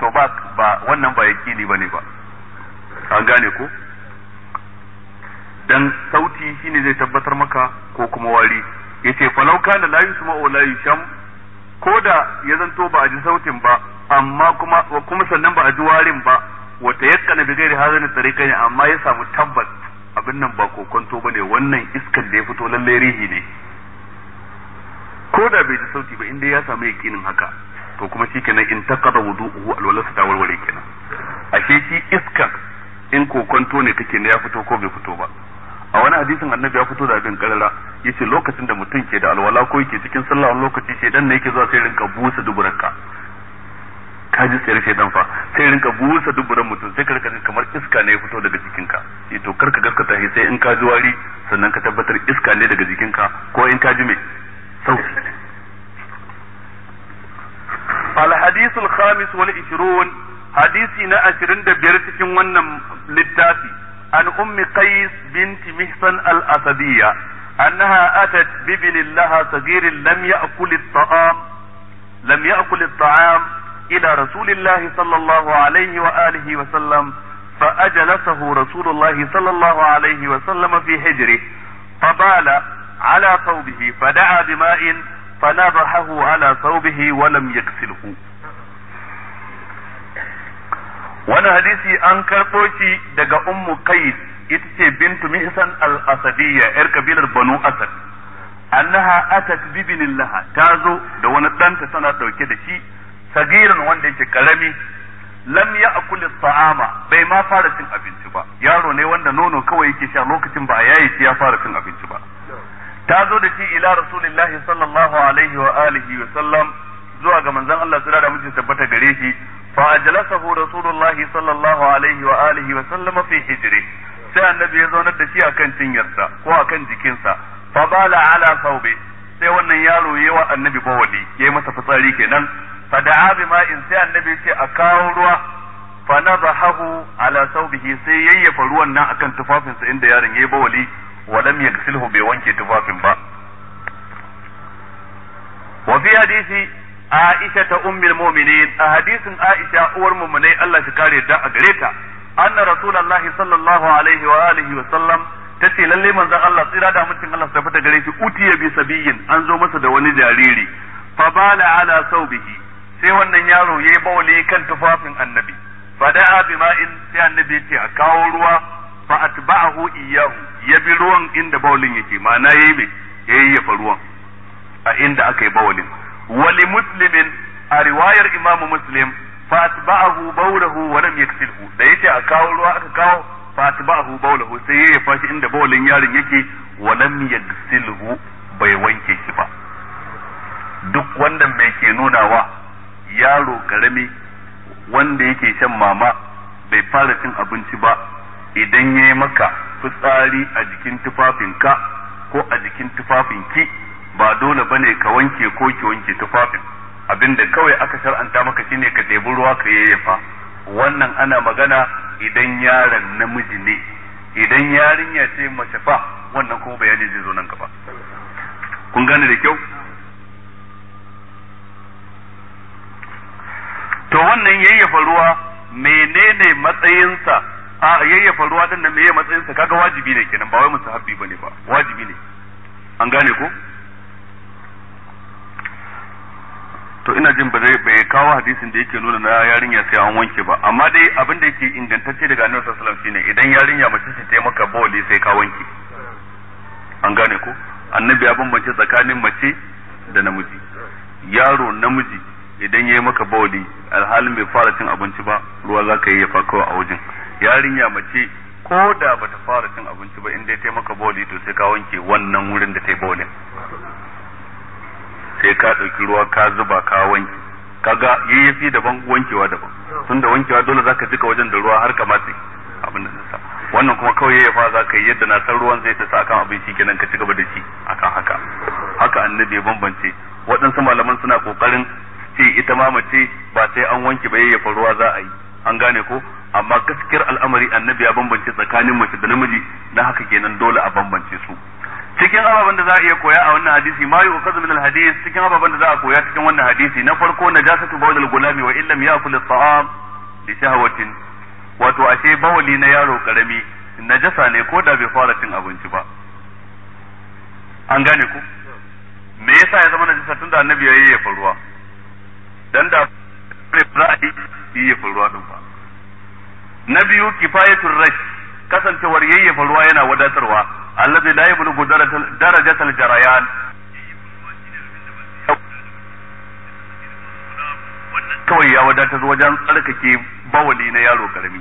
to ba wannan ba yakini bane ba an gane ko dan sauti shine zai tabbatar maka ko kuma wari yace falau kana la yusma'u la yusham ko da ya zanto ba a ji sautin ba amma kuma kuma sannan ba a ji warin ba wa na bigari har hadhihi tariqa ne amma ya samu tabbas abin nan ba kokonto bane wannan iskan da ya fito lalle rihi ne ko da bai ji sauti ba inda ya samu yakinin haka to kuma kenan in taqada wudu'uhu alwalasa ta warware kenan ashe shi iskan in kokonto ne kake ne ya fito ko bai fito ba a wani hadisin annabi ya fito da abin karara yace lokacin da mutum ke da alwala ko yake cikin sallah wani lokaci dan ne yake zuwa sai rinka busa duburan ka ji tsayar dan fa sai rinka busa duburan mutum sai ka rinka kamar iska ne ya fito daga jikinka to kar ka gaskata shi sai in ka ji wari sannan ka tabbatar iska ne daga jikinka ko in ka ji me sauki الحديث الخامس والعشرون حديثنا عشرين cikin ونم للتافي عن ام قيس بنت مهفن الاسدية انها اتت بابن لها صغير لم يأكل الطعام لم يأكل الطعام الى رسول الله صلى الله عليه واله وسلم فاجلسه رسول الله صلى الله عليه وسلم في حجره فبال على ثوبه فدعا بماء فنبحه على ثوبه ولم يغسله wani hadisi an karɓo shi daga ummu kais ita ce bintu mihsan al-asadiyya yar kabilar banu asad annaha atat bibinin laha ta zo da wani ɗanta tana ɗauke da shi sagirin wanda yake karami lam ya akuli Sa'ama bai ma fara cin abinci ba yaro ne wanda nono kawai yake sha lokacin ba a yayi shi ya fara cin abinci ba ta zo da shi ila rasulillahi sallallahu alaihi wa alihi wa sallam zuwa ga manzon Allah tsira da mutum tabbata gare shi فاجلسه رسول الله صلى الله عليه واله وسلم في حجره sai annabi ya zaunar da shi akan cinyarsa ko akan jikinsa fa bala sai wannan yaro ya wa annabi bawali yi masa fitsari kenan fa da'a bi ma'in sai annabi ce a kawo ruwa fa nabahu ala saubihi sai yayyafa ruwan nan akan tufafinsa inda yaron yayi bawali wa lam yaghsilhu bai wanke tufafin ba wa fi hadisi Aisha ta ummul mu'minin a hadisin Aisha uwar mu'minai Allah shi kare da a gare ta anna rasulullahi sallallahu alaihi wa alihi wa sallam tace lalle manzon Allah tsira da mutum Allah ta fita gare shi utiya bi sabiyin an zo masa da wani jariri fa bala ala saubihi sai wannan yaro yayi bawli kan tufafin annabi fa da'a ma'in sai annabi ya ce a kawo ruwa fa atba'ahu iyyahu ya bi ruwan inda bawlin yake ma'ana yayi me yayi ya ruwan a inda aka yi bawlin wali muslimin a riwayar imamu muslim fatba'ahu hu wani lam silhu da yace a kawo ruwa aka kawo fatba'ahu hu sai ya fashi inda bawlin yarin yake wa lam silhu bai wanke shi ba duk wanda mai ke nunawa yaro karami wanda yake shan mama bai fara cin abinci ba idan ya yi maka fitsari a jikin tufafinka ko a jikin tufafinki ba dole bane ka wanke ko ki wanke tufafin abinda kawai aka shar'anta maka shine ka debi ruwa ka yayyafa wannan ana magana idan yaron namiji ne idan yarinya ce mace fa wannan kuma bayani zai zo nan gaba kun gane da kyau to wannan yayyafa ruwa menene matsayinsa a yayyafa ruwa din nan meye matsayinsa kaga wajibi ne kenan ba wai musahabbi bane ba wajibi ne an gane ko to ina jin ba zai bai kawo hadisin da yake nuna na yarinya sai an wanke ba amma dai abin da yake ingantacce daga annabi sallallahu alaihi wasallam shine idan yarinya mace ce ta maka bawli sai ka wanke an gane ko annabi ya bambance tsakanin mace da namiji yaro namiji idan ya maka bawli alhalin bai fara cin abinci ba ruwa za ka yi ya fako a wajen yarinya mace ko da bata fara cin abinci ba in dai ta maka bawli to sai ka wanke wannan wurin da ta yi sai ka ɗauki ruwa ka zuba ka wanke kaga yayyafi daban wankewa daban tunda wankewa dole zaka jika wajen da ruwa har kamata abin da sa wannan kuma kawai ya yayyafa zaka yi yadda na san ruwan zai sa akan abin shi kenan ka cigaba da shi akan haka haka annabi ya bambance waɗansu malaman suna kokarin ce ita ma mace ba sai an wanke ba yayyafa ruwa za a yi an gane ko amma gaskiyar al'amari annabi ya bambance tsakanin mace da namiji na haka kenan dole a bambance su cikin ababen da za a iya koya a wannan hadisi ma yi ukazu min alhadis cikin ababen da za a koya cikin wannan hadisi na farko najasatu bawlil gulami wa illam yakul at'am li shahwatin wato ashe bawli na yaro karami najasa ne ko da bai fara cin abinci ba an gane ku me yasa ya zama najasa tunda annabi ya faruwa ruwa dan da za a yi ya ruwa din ba na biyu kifayatul rash kasancewar yayyafa ruwa yana wadatarwa الذي لا يبلغ درجة الجريان kawai ya wadatar wajen tsarkake bawali na yaro karami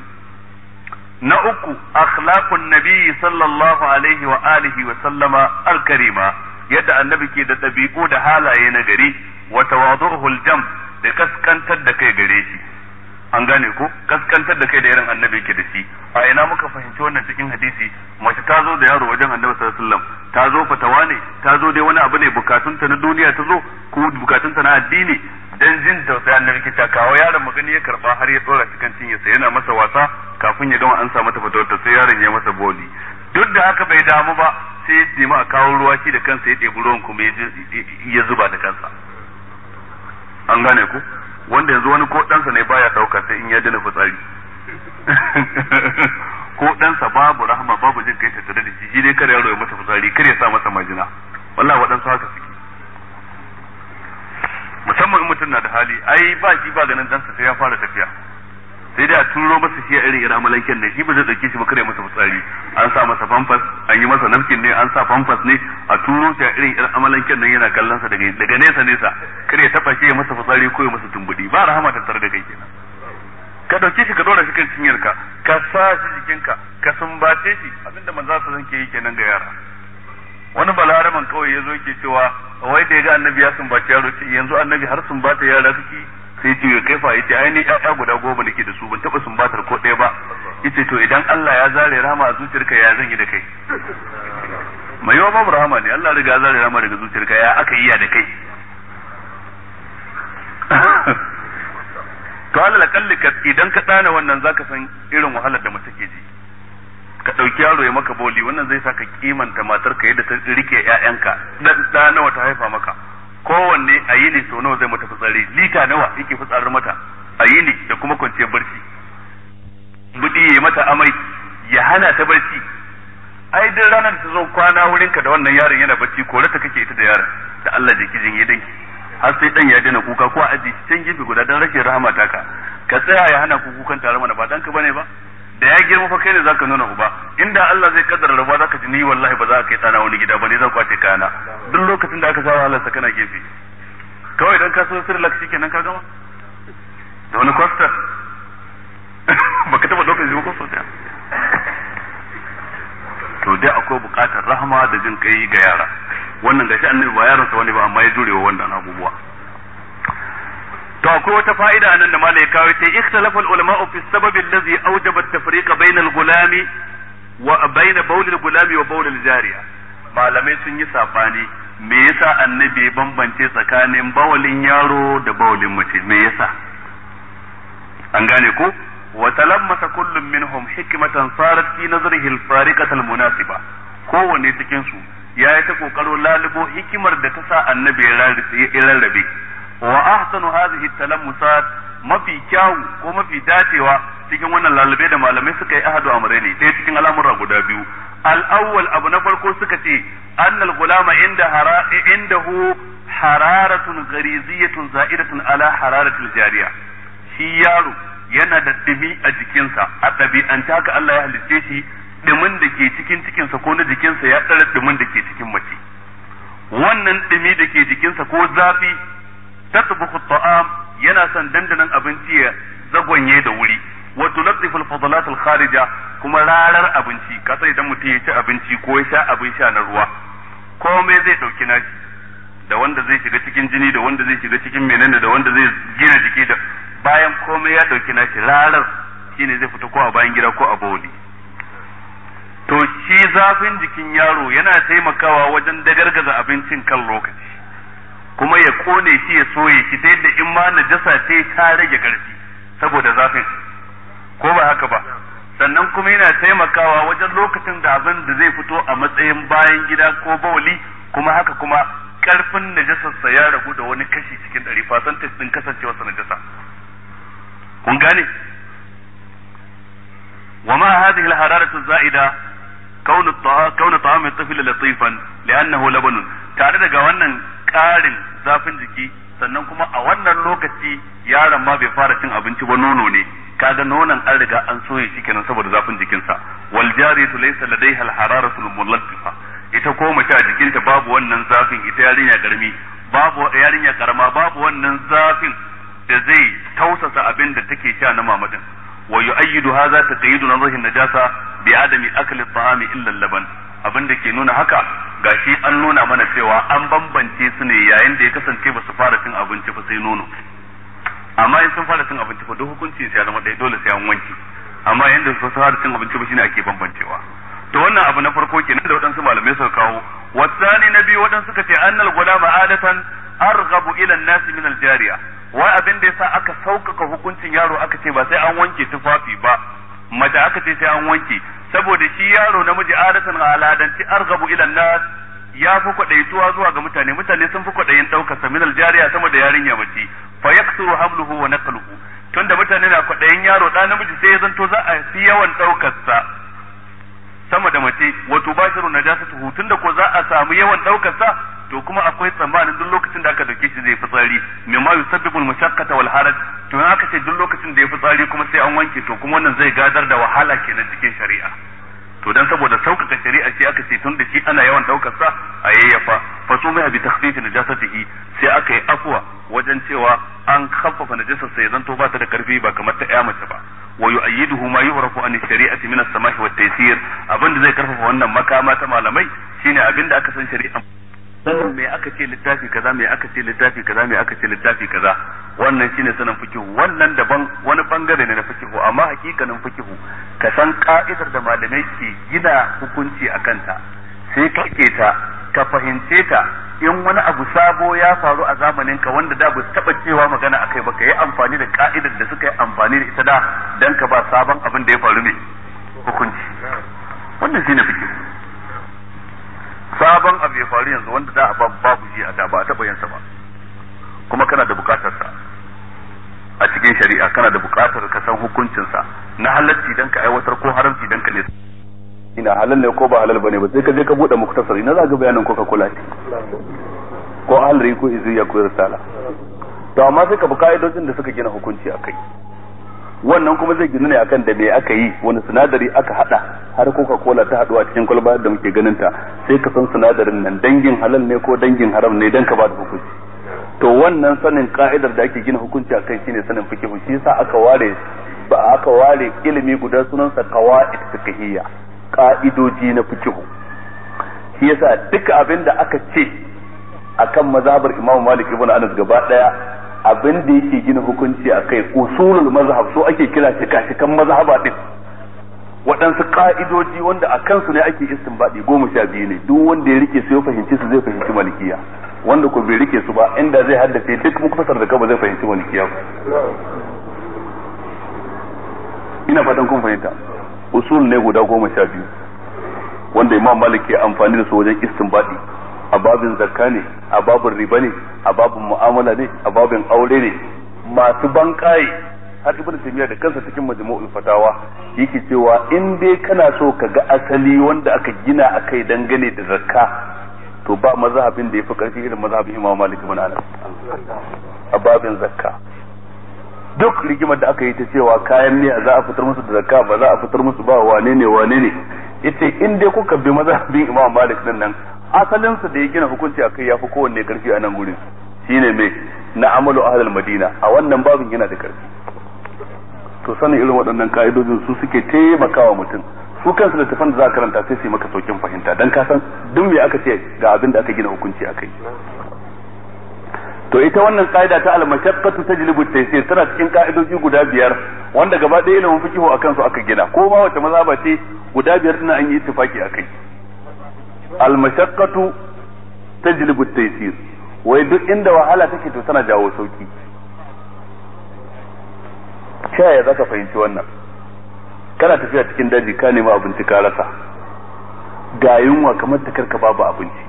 na uku akhlaqun nabiyyi sallallahu alaihi wa alihi wa sallama alkarima yadda annabi ke da dabi'u da halaye na gari wa tawadu'ul jam da kaskantar da kai gare shi an gane ko kaskantar da kai da irin annabi ke da shi a ina muka fahimci wannan cikin hadisi mace ta zo da yaro wajen annabi sallallahu alaihi wasallam ta zo fatawa ne ta zo dai wani abu ne bukatunta na duniya ta zo ko bukatunta na addini dan jin sai annabi ke ta kawo yaron magani ya karba har ya tsora cikin sai yana masa wasa kafin ya gama an sa mata fatawar sai yaron ya masa boli duk da haka bai damu ba sai ya nemi a kawo ruwa shi da kansa ya ɗebi ruwan kuma ya zuba da kansa an gane ku wanda yanzu wani ko ɗansa ne baya ɗaukar sai in ya dana fitsari ko dansa babu rahma babu jin kai tattare da shi shi dai kar yaro ya masa fitsari kar ya sa masa majina wallahi waɗansu haka suke musamman in mutum na da hali ai ba shi ba ganin dansa sai ya fara tafiya sai dai a turo masa shi a irin irin amalanken ne shi ba zai dauke shi ba kare masa fitsari an sa masa famfas an yi masa namkin ne an sa famfas ne a turo shi a irin irin amalanken nan yana kallon sa daga daga nesa nesa kare ya taba ya masa fitsari ko ya masa tumbudi ba rahama ta tare da kai kenan ka dauke shi ka dora shi kan cinyarka ka sa shi jikinka ka sumbace shi abinda manzo sa zan ke yi kenan ga yara wani balaraman kawai ya zo ke cewa wai da ya ga annabi ya sumbace yaro yanzu annabi har sumbata yara kake sai ce ya fa yace ai ni ƴaƴa guda goma nake da su ban taba sumbatar ko ɗaya ba yace to idan Allah ya zare rama a zuciyarka ya zan yi da kai mai yawa babu rama ne Allah riga zare rama daga zuciyarka ya aka yi ya da kai to alal ka idan ka tsana wannan zaka san irin wahalar da mace ke ji ka ɗauki yaro ya maka boli wannan zai sa ka kimanta matarka yadda ta rike ƴaƴanka dan ɗa nawa ta haifa maka kowanne a ne sau nawa zai mata fitsari lita nawa yake fitsarar mata a yi ne da kuma kwanciyar barci budi ya mata amai ya hana ta barci ai duk ranar da ta zo kwana wurinka da wannan yaron yana barci ko rata kake ita da yaron da Allah jiki jin yi danki har sai dan ya daina kuka ko a aji can gefe guda dan rashin rahama ka tsaya ya hana ku kukan tare mana ba dan ka bane ba da ya girma fa kai ne zaka nuna uba inda Allah zai kaddara rabuwa zaka ji ni wallahi ba za ka kai tsana wani gida ba ne zan kwace kana duk lokacin da aka sa Allah sa kana gefe kawai dan ka so shi kenan ka gama da wani ba ka taba dokar jima ko ta to dai akwai bukatar rahama da jin kai ga yara wannan gashi annabi ba sa wani ba amma ya jurewa wannan abubuwa to akwai wata fa'ida nan da malai kawo ta ikhtalafa ulama fi sababin allazi awjaba at-tafriqa bayna al-gulami wa bayna bawl gulami wa bawl jariya malamai sun yi sabani me yasa annabi ya bambance tsakanin bawalin yaro da bawalin mace me yasa an gane ko wa talammasa kullum minhum hikmatan sarat fi nazrihi al-fariqata al-munasiba kowanne cikin su yayi ta kokaro lalubo hikimar da ta sa annabi ya rarrabe wa ahsanu hadhihi talamusat mafi kyawu ko mafi dacewa cikin wannan lalube da malamai suka yi ahadu amrani ɗaya cikin al'amura guda biyu al-awwal abu na farko suka ce annal gulama inda hara indahu hararatun ghariziyatun za'iratun ala hararatil jariya shi yaro yana da dumi a jikinsa a ɗabi'anta haka Allah ya halicce shi dumin da ke cikin cikinsa ko na jikinsa ya tsara dumin da ke cikin mace wannan dumi da ke jikinsa ko zafi تطبخ الطعام yana son dandanan abinci ya zagwanye da wuri wa tulattifu al kharija kuma rarar abinci kasa idan mutum ya ci abinci ko sha abin sha na ruwa komai da wanda zai shiga cikin jini da wanda zai shiga cikin menene da wanda zai gina jiki da bayan komai ya dauki nashi rarar shine zai fita ko a bayan gida ko a bawli to shi zafin jikin yaro yana taimakawa wajen dagargaza abincin kan lokaci kuma ya kone shi ya soye shi ta yadda in ma najasa ce ta rage karfi saboda zafin ko ba haka ba sannan kuma yana taimakawa wajen lokacin da abin da zai fito a matsayin bayan gida ko bawali kuma haka kuma karfin najasarsa ya ragu da wani kashi cikin ɗari fasantis ɗin kasancewarsa najasa kun gane وما هذه الحرارة kaunu كون الطعام كون طعام latifan li'annahu labanun tare daga wannan ƙarin zafin jiki sannan kuma a wannan lokaci yaron ma bai fara cin abinci ba nono ne kaga nonon an riga an soye shi kenan saboda zafin jikinsa wal jariyatu laysa ladayha al hararatu mulattifa ita ko mace a jikinta babu wannan zafin ita yarinya garmi babu yarinya karama babu wannan zafin da zai tausasa abin da take sha na mamadin wa yu'ayyidu hadha taqyidu nadhihi najasa bi adami akli at-ta'ami illa al-laban abin da ke nuna haka gashi an nuna mana cewa an bambance su ne yayin da ya kasance ba su fara cin abinci ba sai nono amma in sun fara cin abinci ba duk hukunci sai zama ɗaya dole sai an wanki amma yayin da su fara cin abinci ba shine ake bambancewa to wannan abu na farko kenan da waɗansu malamai suka kawo wasani na biyu waɗansu suka ce annal gulama adatan arghabu ila an-nas min al-jariya wai abin da yasa aka sauƙaƙa hukuncin yaro aka ce ba sai an wanke tufafi ba mace aka ce sai an wanke saboda shi yaro namiji adatan aladanci argabu ilan nas ya fi kwadaituwa zuwa ga mutane mutane sun fi kwaɗayin daukar sa min aljariya sama da yarinya mace fa yaksuru hamluhu wa naqluhu tunda mutane na kwaɗayin yaro da namiji sai ya zanto za a fi yawan daukar sa sama da mace wato bashiru hutun da ko za a samu yawan daukar sa to kuma akwai tsammanin duk lokacin da aka dauke shi zai fitsari ma yusabbibul mashaqqata wal haraj to in aka ce duk lokacin da ya fitsari kuma sai an wanke to kuma wannan zai gadar da wahala kenan cikin shari'a to dan saboda saukaka shari'a ce aka ce tun da shi ana yawan ɗaukar sa a yayyafa fa su mai bi takhfifi najasatihi sai aka yi afwa wajen cewa an khaffafa najasar sa ya zanto ba ta da karfi ba kamar ta ya mace ba wa yu'ayyiduhu ma yu'rafu an shari'ati min as-samahi wat-taysir abinda zai karfafa wannan makama ta malamai shine abinda aka san shari'a sanin me aka ce littafi kaza me aka ce littafi kaza me aka ce littafi kaza wannan shine sanin fikihu wannan daban wani bangare ne na fikihu amma hakikanin fikihu ka san ka'idar da malamai ke gina hukunci a ta sai ka ke ta ka fahimce ta in wani abu sabo ya faru a zamanin ka wanda da ba taba cewa magana akai ba ka yi amfani da ka'idar da suka yi amfani da ita da dan ka ba sabon abin da ya faru ne hukunci wannan shine fikihu sabon abu ya faru yanzu wanda da babu ji a da ba a taɓa yansa ba kuma kana da bukatar sa a cikin shari'a kana da bukatar ka san hukuncin sa na halalci dan ka aiwatar ko haramci dan ka ne ina halal ne ko ba halal bane ba sai ka je ka bude muktasar ina za ga bayanin coca cola ce ko alri ko iziya ko risala to amma sai ka bi ka'idojin da suka gina hukunci akai wannan kuma zai gina ne akan da me aka yi wani sinadari aka hada har coca cola ta haduwa cikin kwalba da muke ganin ta sai ka san sinadarin nan dangin halal ne ko dangin haram ne dan ka ba da hukunci to wannan sanin ka'idar da ake gina hukunci akan ne sanin fikihu shi yasa aka ware ba aka ware ilimi guda sunansa qawaid fiqhiyya ka'idoji na fikihu shi yasa duka abin da aka ce akan mazhabar Imam Malik ibn gaba daya abin da yake gina hukunci a kai usulul mazhab so ake kira shi kashikan mazhaba din waɗansu ka'idoji wanda a kansu ne ake istinbadi goma sha biyu ne duk wanda ya rike su ya fahimci su zai fahimci malikiya wanda ko bai rike su ba inda zai haddace duk kusa da kaba zai fahimci malikiya ina fatan kun fahimta usul ne guda goma sha biyu wanda imam maliki ya amfani da su wajen istinbadi a babin zakka ne a babin riba ne a babin mu'amala ne a babin aure ne masu bankaye har ibn taymiya da kansa cikin majmu'ul fatawa yake cewa in dai kana so ka ga asali wanda aka gina akai dangane da zakka to ba mazhabin da yafi karfi irin mazhabin imam malik ibn anas a babin zakka duk rigimar da aka yi ta cewa kayan miya za a fitar musu da zakka ba za a fitar musu ba wane ne wane ne ita in dai kuka bi mazhabin imam malik din nan asalinsa da ya gina hukunci akai ya fi kowanne karfi a nan gurin shine mai na amalu ahlul madina a wannan babin yana da karfi to sanin irin waɗannan ka'idojin su suke taimakawa mutum su kansu tafan da za a karanta sai su yi maka saukin fahimta dan ka san duk me aka ce ga abin da aka gina hukunci akai to ita wannan ka'ida ta al-mashaqqatu tajlibu at-taysir tana cikin ka'idoji guda biyar wanda gaba ɗaya ilimin fiqh akan su aka gina ko ma maza mazhaba ce guda biyar din an yi ittifaki akai al-mashaqqatu tajlibu at-taysir wai duk inda wahala take to tana jawo sauki ta ya zaka fahimci wannan kana tafiya cikin daji ka nemi abinci ka rasa ga yunwa kamar ta karka babu abinci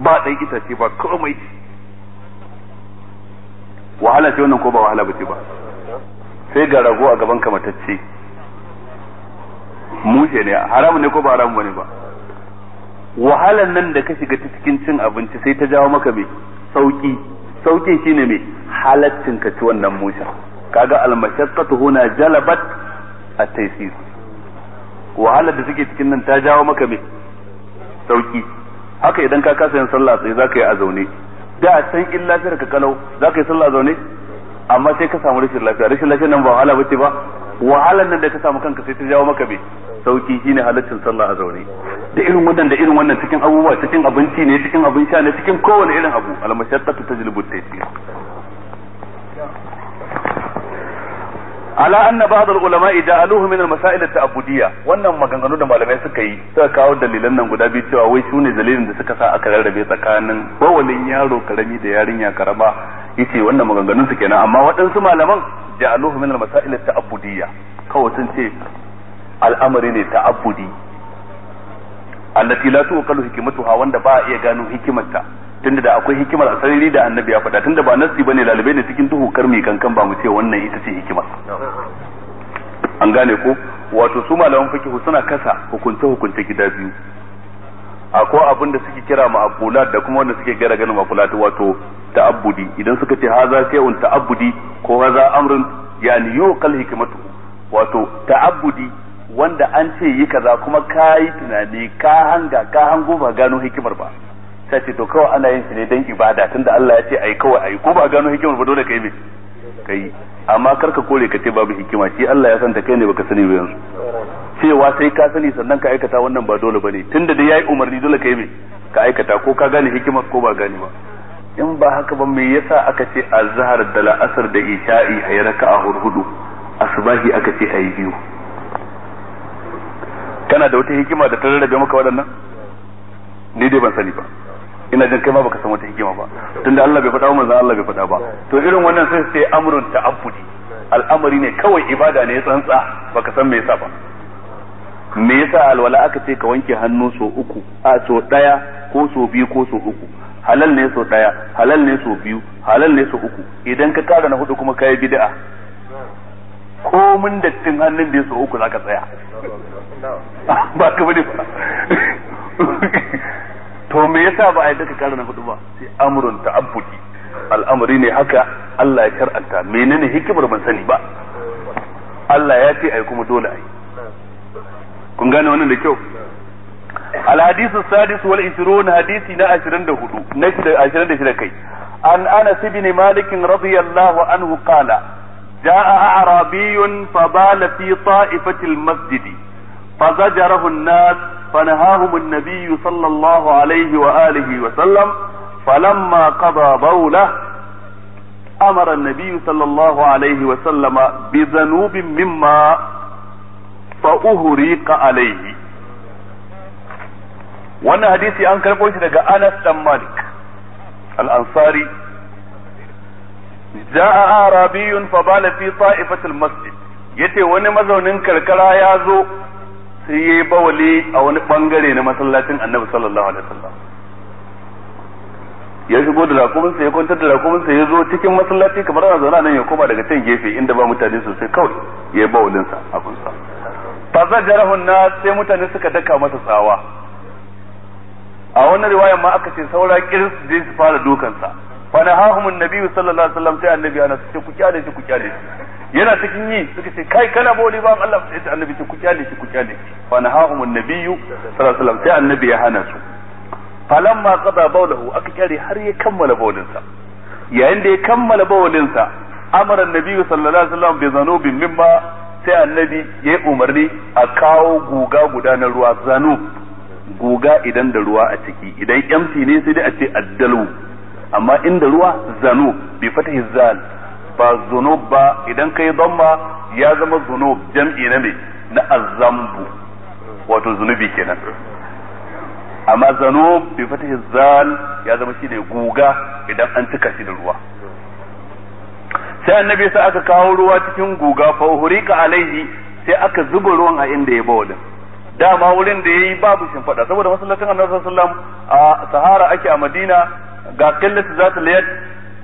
ba ɗan itace ba komai wahala ce wannan ko ba wahala ba ce ba sai ga rago a gaban kamatacce mushe ne haramun ne ko ba haramun ne ba wahalan nan da ka shiga ta cikin cin abinci sai ta jawo maka mai sauki saukin shine mai halaccin ka ci wannan musha kaga almashaqqatu huna jalabat at-taysir wahalar da suke cikin nan ta jawo maka mai sauki haka idan ka kasa yin sallah sai zaka yi a zaune da san in lafiyar ka kalau zaka yi sallah zaune amma sai ka samu rashin lafiya rashin lafiyar nan ba wahala bace ba wahalan nan da ka samu kanka sai ta jawo maka mai sauki shine halaccin sallah a zaune da irin wannan da irin wannan cikin abubuwa cikin abinci ne cikin abin sha ne cikin kowane irin abu almashaqqatu tajlibu at-taysir ala anna ba'd al-ulama ja'aluhu min al-masail at-ta'budiyya wannan maganganu da malamai suka yi suka kawo dalilan nan guda biyu cewa wai shine dalilin da suka sa aka rarrabe tsakanin bawalin yaro karami da yarinya karama yace wannan maganganun su kenan amma waɗansu malaman ja'aluhu min al-masail at-ta'budiyya kawai sun ce al'amari ne abudi allati la tuqalu hikmatuha wanda ba a iya gano hikimarta tunda da akwai hikimar a da annabi ya faɗa tunda ba nasi bane lalibai ne cikin duhu karmi kankan ba mu ce wannan ita ce hikimar an gane ko wato su malaman fikihu suna kasa hukunce hukunce gida biyu akwai abin da suke kira ma'akulat da kuma wanda suke gara ganin ma'akulat wato ta'abbudi idan suka ce haza shay'un ta'abbudi ko haza amrun yani yuqal hikmatu wato ta'abbudi wanda an ce yi kaza kuma ka yi tunani ka hanga ka hango ba gano hikimar ba sai ce to kawai ana yin shi ne don ibada tunda Allah ya ce ai kawai ai ko ba gano hikimar ba dole kai yi kai amma kar ka kore ka ce babu hikima shi Allah ya san ta kai ne baka sani ba yanzu cewa sai ka sani sannan ka aikata wannan ba dole bane tunda dai yayi umarni dole kai me ka aikata ko ka gane hikimar ko ba gane ba in ba haka ba me yasa aka ce azhar da la'asar da isha'i ayyaka a hurhudu asbahi aka ce ayi biyu kana da wata hikima da ta rarrabe maka waɗannan ni dai ban sani ba ina jin kai ma baka san wata hikima ba tunda Allah bai faɗa ba manzon Allah bai faɗa ba to irin wannan sai sai amrun ta'abbudi al'amari ne kawai ibada ne ya tsantsa baka san me yasa ba me yasa alwala aka ce ka wanke hannu so uku a so daya ko so biyu ko so uku halal ne so daya halal ne so biyu halal ne so uku idan ka kara na hudu kuma kai bid'a komin dattin hannun da ya so uku zaka tsaya ba ka bane ba to me yasa ba ai daka karana hudu ba sai amrun ta'abbudi al'amari ne haka Allah ya karanta menene hikimar ban sani ba Allah ya ce ai kuma dole ai kun gane wannan da kyau al hadithu sadis wal 20 hadisi na 24 na 26 kai an anas ibn malik radiyallahu anhu qala جاء أعرابي فبال في طائفة المسجد فزجره الناس فنهاهم النبي صلى الله عليه وآله وسلم فلما قضى بوله أمر النبي صلى الله عليه وسلم بذنوب مما فأهريق عليه وانا حديثي أنكر karɓo shi daga Anas dan ja'a arabiyun fa bala fi ta'ifatil masjid yace wani mazaunin karkara ya zo sai yayi bawali a wani bangare na masallacin annabi sallallahu alaihi wasallam ya shigo da rakumin sa ya kwantar da rakumin sa ya zo cikin masallaci kamar yana zauna nan ya koma daga can gefe inda ba mutane sosai kawai yayi bawalin sa abun sa fa zajarahu nas sai mutane suka daka masa tsawa a wannan riwayar ma aka ce saura kirs din su fara dukansa fa nahahum annabi sallallahu alaihi wasallam sai annabi ana ce ku kyale shi ku kyale shi yana cikin yi suka ce kai kana boli ba Allah sai annabi ce ku kyale shi ku kyale shi fa nahahum annabi sallallahu alaihi wasallam sai annabi ya hana su falamma qada bawlahu aka kyale har ya kammala sa yayin da ya kammala sa amara annabi sallallahu alaihi wasallam bi zanubin mimma sai annabi ya umarni a kawo guga guda ruwa zanub guga idan da ruwa a ciki idan yamti ne sai dai a ce addalu amma inda ruwa zanu bi fatahi zal ba zunub ba idan kai damma ya zama zunub jam'i na me na azambu wato zunubi kenan amma zanub bi fatahi zal ya zama shi ne guga idan an cika shi da ruwa sai annabi sai aka kawo ruwa cikin guga fa hurika alaihi sai aka zuba ruwan a inda ya bawa dama wurin da yayi babu fada saboda masallacin annabi sallallahu alaihi wasallam a sahara ake a madina ga za ta layar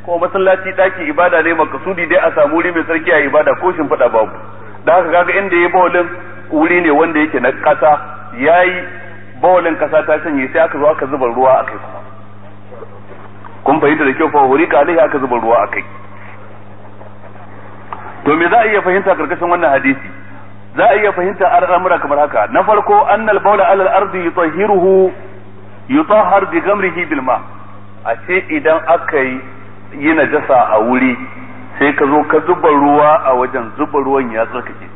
ko masallaci daki ibada ne makasudi dai a samu wuri mai sarki a ibada ko shin fada babu da haka kaga inda yayi bawlin wuri ne wanda yake na kasa yayi bawlin kasa ta sanye sai aka zo aka zuba ruwa akai kuma kun fahimta da kyau fa ka alaihi aka zuba ruwa akai to me za a iya fahimta karkashin wannan hadisi za a iya fahimta al'amura kamar haka na farko annal bawla alal ardi yutahhiruhu yutahhar bi gamrihi bil ma' a ce idan aka yi yi najasa a wuri sai ka zo ka zuba ruwa a wajen zuba ruwan ya tsarkake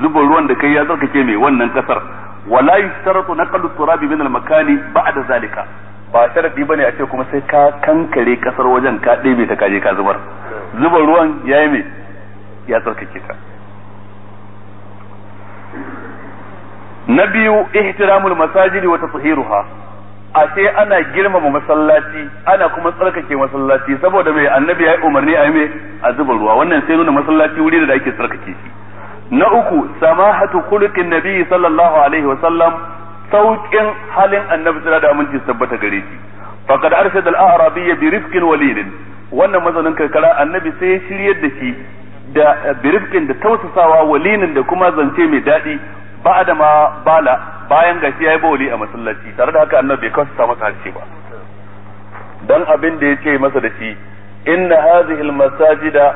zuba ruwan da kai ya tsarkake mai wannan kasar wala yustaratu naqlu turabi min al-makani ba'da zalika ba sharadi bane a ce kuma sai ka kankare kasar wajen ka ɗebe ta kaje ka zubar zuba ruwan yayi mai ya tsarkake ta na biyu ihtiramul masajidi wa tathiruha a sai ana girmama masallaci ana kuma tsarkake masallaci saboda mai annabi ya yi umarni a yi mai a zuba ruwa wannan sai nuna masallaci wuri da ake tsarkake shi na uku samahatu khuluqin nabi sallallahu alaihi wa sallam saukin halin annabi tsira da aminci tabbata gare shi faqad arshad al-a'rabi bi rifqin walidin wannan mazanin karkara annabi sai ya shiryar da shi da birifkin da tausasawa walinin da kuma zance mai daɗi ba da ma bala bayan gashi yayi boli a masallaci tare da haka annabi bai kasa masa harshe ba dan abin da yace masa da shi inna hadhihi almasajida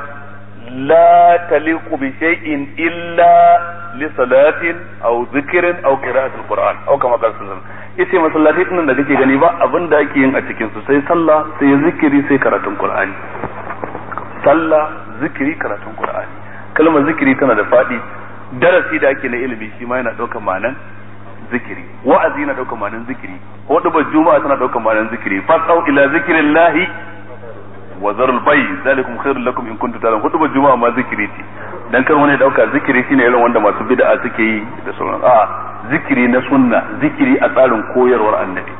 la taliqu bi shay'in illa li salatin aw dhikrin aw qira'ati alquran aw kama qala sallallahu yace masallaci din da kike gani ba abin da ake yin a cikin su sai sallah sai zikiri sai karatun qur'ani sallah zikiri karatun qur'ani kalmar zikiri tana da fadi darasi da ake na ilimi shi ma yana ɗaukar ma'anan zikiri wa'azi yana ɗaukar ma'anan zikiri hudubar juma'a tana ɗaukar ma'anan zikiri fasau ila zikirin lahi wa zarul bai zalikum khairul lakum in kuntum ta'lamun hudubar juma'a ma zikiri ce dan kar wani dauka zikiri shine irin wanda masu bid'a suke yi da sauran a zikiri na sunna zikiri a tsarin koyarwar annabi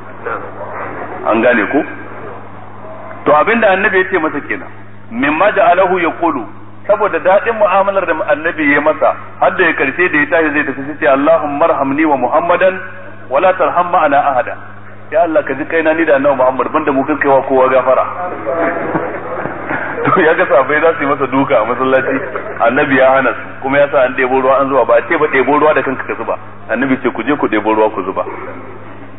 an gane ko to abinda annabi ya ce masa kenan mimma ja'alahu yaqulu saboda daɗin mu'amalar da annabi ya masa har da ya karshe da ya tashi zai tafi sai ce Allahumma arhamni wa Muhammadan wala tarham ma'ana ahada ya Allah ka ji kaina ni da annabi Muhammad banda mu wa kowa gafara to ya ga sabai za su yi masa duka a masallaci annabi ya hana su kuma ya sa an ɗebo ruwa an zuba ba ce ba ɗebo ruwa da kanka ka zuba annabi ce ku je ku ɗebo ruwa ku zuba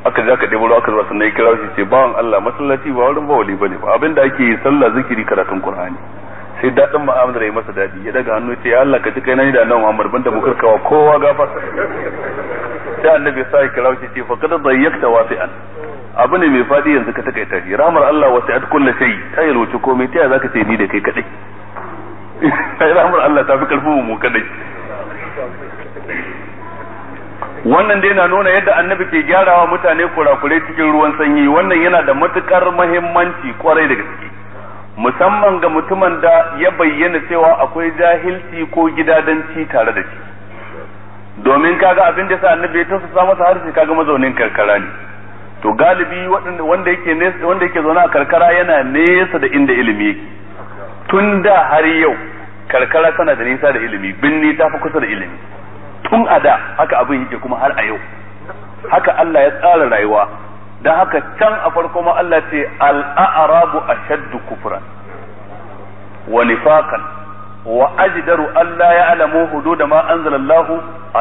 aka je aka ɗebo ruwa aka zuba sannan ya kira shi ce bawan Allah masallaci ba wurin bawali bane ba abinda ake yi sallah zikiri karatun Qur'ani sai daɗin mu'amalar ya masa daɗi ya daga hannu ce ya Allah ka ji kai nani da annabi Muhammad banda mu karkawa kowa gafar sai annabi ya sai kira shi ce fa kada dayyakta wasi'an abu ne mai fadi yanzu ka takaita shi ramar Allah wasi'at kulli shay ta yalwace komai ta zaka ce ni da kai kadai sai ramar Allah ta fi karfin mu kadai wannan dai na nuna yadda annabi ke gyarawa mutane kurakurai cikin ruwan sanyi wannan yana da matukar muhimmanci kwarai da gaske musamman ga mutumin da ya bayyana cewa akwai jahilci ko gidadanci tare da shi domin kaga abin da sa annabi ya tafasa masa harshe kaga mazaunin karkara ne to galibi wanda yake wanda yake zaune a karkara yana nesa da inda ilimi yake tun da har yau karkara tana da nisa da ilimi binni ta fi kusa da ilimi tun a da haka abin yake kuma har a yau haka Allah ya tsara rayuwa da haka can a farko ma Allah ce al-a'rabu wani kufran wa nifaqan wa Allah ya alamu hudu da ma anzala Allah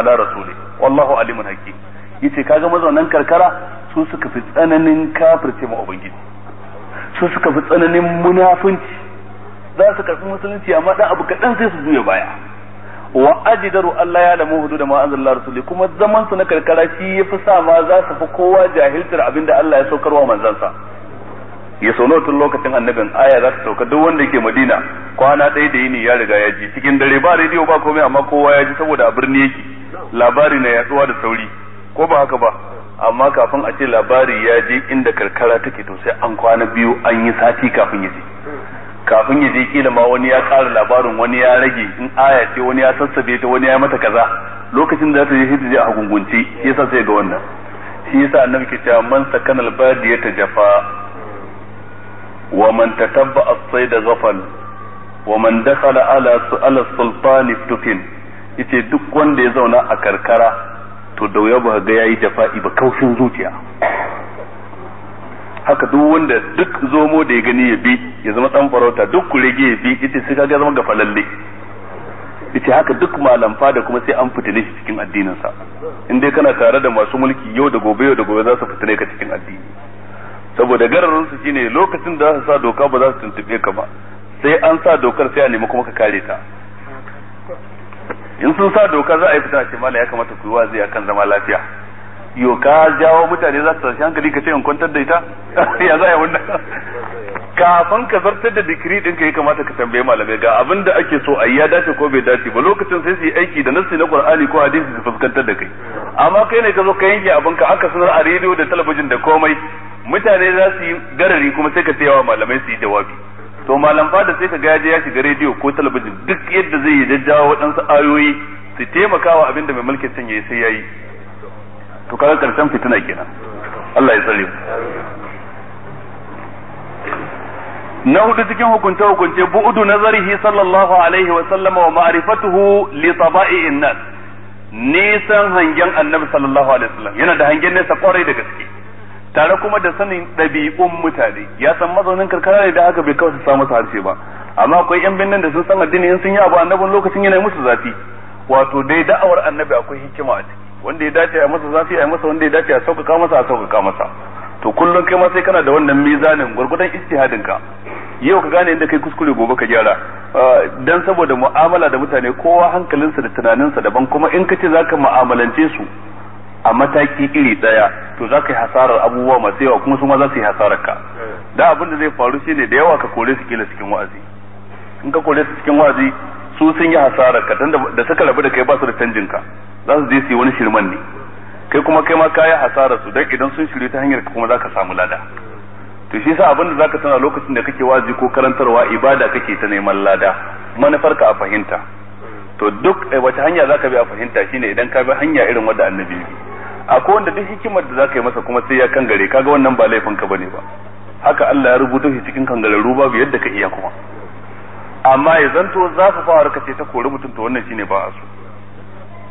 ala rasuli wallahu alimun hakim yace kaga mazaunan karkara su suka fi tsananin kafirce ma ubangiji su suka fi tsananin munafunci za su karɓi musulunci amma dan abu kaɗan sai su juya baya wa ajidaru Allah ya lamu hudu da ma'azin Allah kuma zaman su na karkara shi ya fi sa ma za su fi kowa jahiltar abin da Allah ya saukarwa manzansa ya sau tun lokacin annabin aya za ta sauka duk wanda ke madina kwana ɗaya da yini ya riga ya ji cikin dare ba rediyo ba komai amma kowa ya ji saboda a birni yake labari na yaduwa da sauri ko ba haka ba amma kafin a ce labari ya je inda karkara take to sai an kwana biyu an yi sati kafin ya je kafin ya je kila ma wani ya kara labarin wani ya rage in aya ce wani ya sassabe ta wani ya mata kaza lokacin da zata je hita je a shi yasa sai ga wannan shi yasa annabi ke cewa man sakana albadi ta jafa wa man tatabba as-sayd ghafal wa man dakhala ala ala sultan tukin yace duk wanda ya zauna a karkara to da wuya ba ga yayi jafa'i ba kaushin zuciya haka duk wanda duk zomo da ya gani ya bi ya zama san farauta duk rage ya bi ita sai kaga zama gafalalle ita haka duk malamfa da kuma sai an fitile shi cikin addinin sa in dai kana tare da masu mulki yau da gobe yau da gobe za su fitile ka cikin addini saboda gararin su shine lokacin da za su sa doka ba za su tuntube ka ba sai an sa dokar sai a nemi kuma ka kare ta in sun sa doka za a yi fitina ce mala ya kamata ku yi wazi akan zama lafiya yo ka jawo mutane za su tashi hankali ka ce in kwantar da ita ya za a yi wannan kafin ka zartar da dikiri din ka ya kamata ka tambaye malamai ga abin da ake so a yi ya dace ko bai dace ba lokacin sai su yi aiki da nassi na qur'ani ko hadisi su fuskantar da kai amma kai ne ka zo ka yanke abin ka aka sanar a rediyo da talabijin da komai mutane za su yi garari kuma sai ka ce wa malamai su yi jawabi to malam fada sai ka gaje ya shiga rediyo ko talabijin duk yadda zai yi jajjawa waɗansu ayoyi su taimakawa abin da mai mulkin can yayi sai yi. to kaga karshen fitina kenan Allah ya tsare na hudu cikin hukunce hukunce bu'udu nazarihi sallallahu alaihi wa sallama wa ma'rifatuhu li taba'i'in nas nisan hangen annabi sallallahu alaihi wasallam yana da hangen nesa kwarai da gaske tare kuma da sanin ɗabi'un mutane ya san mazaunin karkara ne da haka bai kawai sa masa harshe ba amma akwai yan binnan da sun san addini in sun yi abu annabin lokacin yana musu zafi wato dai da'awar annabi akwai hikima a ciki wanda ya dace a masa zafi a masa wanda ya dace a sauƙaƙa masa a sauƙaƙa masa to kullum kai ma sai kana da wannan mizanin gurgurdan ijtihadin ka yau ka gane inda kai kuskure gobe ka gyara ah, dan saboda mu'amala da mutane kowa hankalinsa da tunaninsa daban kuma in ka ce ka mu'amalance su a mataki iri daya to za ka yi hasarar abubuwa masu yawa kuma su ma za su yi hasarar ka da abin da zai faru ne da yawa ka kore su kila cikin wa'azi in ka kore su cikin wa'azi su sun yi hasarar ka da suka rabu da kai ba su da canjin ka za su je su yi wani shirman ne kai kuma kai ma kayi hasara su dan idan sun shirye ta hanyar kuma zaka samu lada to shi yasa abin da zaka tana lokacin da kake wazi ko karantarwa ibada kake ta neman lada manufar ka a fahimta to duk eh, wata hanya zaka bi a fahimta shine idan ka bi hanya irin wadda annabi bi akwai wanda duk hikimar da zaka yi masa kuma sai ya kangare kaga wannan ba laifin ka bane ba haka Allah ya rubuta shi cikin kangararru babu yadda ka iya kuma amma ya zanto zafafawa ka ce ta kori mutum to wannan shine ba a so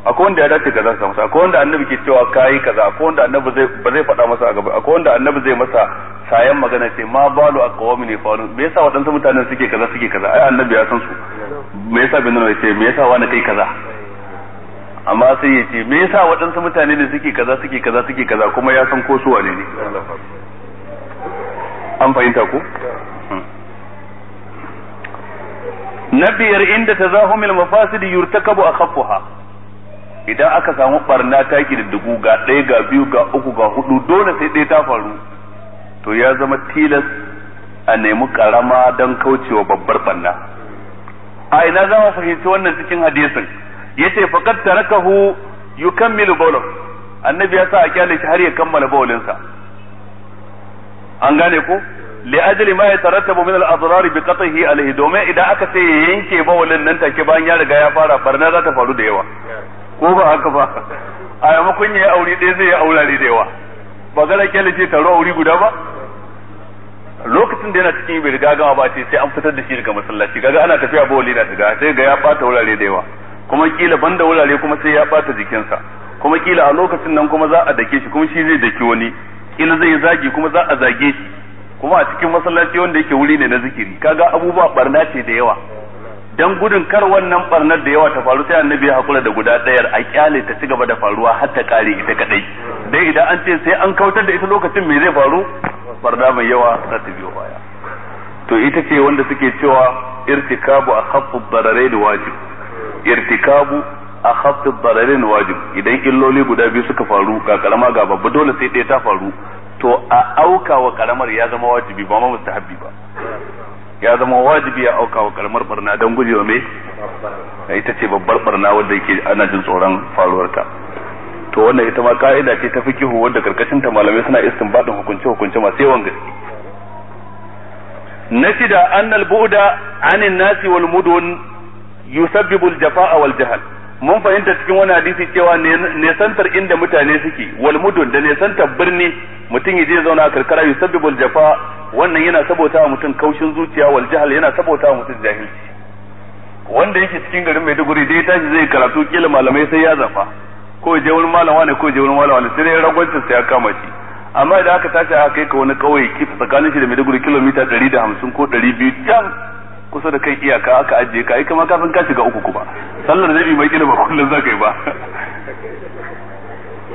akwai wanda ya dace kaza ka masa akwai wanda annabi ke cewa kai kaza akwai wanda annabi zai ba zai faɗa masa a gaba akwai wanda annabi zai masa sayan magana ce ma balu ne yafalun me yasa waɗansu mutanen suke kaza suke kaza ai annabi ya san su me yasa bin nan ce me yasa wani kai kaza amma sai ya ce me yasa waɗansu mutane ne suke kaza suke kaza suke kaza kuma ya san ko su wane ne an fahimta ko hmm. na biyar inda tazahumil mafasidi yurtakabu akhaffuha idan aka samu barna ta dubu ga ɗaya ga biyu ga uku ga hudu dole sai ɗaya ta faru to ya zama tilas a nemi karama don kaucewa babbar barna a ina za mu fahimci wannan cikin hadisin yace faqad tarakahu yukammilu bawlahu annabi ya sa a kyale shi har ya kammala bawlinsa an gane ko li ajli ma yatarattabu min al-adrar bi qatihi alayhi domin idan aka ya yanke bawlin nan take bayan ya riga ya fara barna za ta faru da yawa ko ba haka ba a yamma ya yi aure ɗaya zai yi aurare da yawa ba gara kyale ce taro aure guda ba lokacin da yana cikin bai riga gama ba ce sai an fitar da shi daga masallaci kaga ana tafiya ba walida shiga sai ga ya bata wurare da yawa kuma kila banda wurare kuma sai ya bata jikinsa kuma kila a lokacin nan kuma za a dake shi kuma shi zai daki wani kila zai zagi kuma za a zage shi kuma a cikin masallaci wanda yake wuri ne na zikiri kaga abubuwa barna ce da yawa dan gudun kar wannan barnar da yawa ta faru sai annabi ya hakura da guda daya a kyale ta ci gaba da faruwa har ta kare ita kadai dai idan an ce sai an kautar da ita lokacin me zai faru barna mai yawa za ta biyo baya to ita ce wanda suke cewa irtikabu akhaffu dararain wajib irtikabu akhaffu dararain wajib idan illoli guda biyu suka faru ga karama ga babba dole sai ɗaya ta faru to a auka wa karamar ya zama wajibi ba ma mustahabbi ba ya zama wajibi ya auka wa karamar barna don gujewa me ita ce babbar barna wadda yake ana jin tsoron faruwarta to wannan ita ma ka'ida ce ta fikihu wadda karkashin ta malamai suna istinbadin hukunce hukunce masu yawan gaske na shida annal bu'da anin nasi wal mudun yusabbibu jafa'a wal jahal mun fahimta cikin wani hadisi cewa nesantar inda mutane suke wal mudun da nesantar birni mutum ya je zauna a karkara yusabbibul jafa wannan yana sabota wa mutum kaushin zuciya wal jahal yana sabota wa mutum jahilci wanda yake cikin garin Maiduguri dai tashi zai karatu kila malamai sai ya zafa ko je wurin malama ne ko je wurin malama ne sai dai ragwancin sai ya kama shi amma idan aka tashi aka kai ka wani kauye tsakanin shi da Maiduguri kilomita 150 ko 200 jam kusa da kai iyaka aka ajiye ka ai kama kafin ka shiga uku kuma sallar jami'i mai kila ba kullun za ka yi ba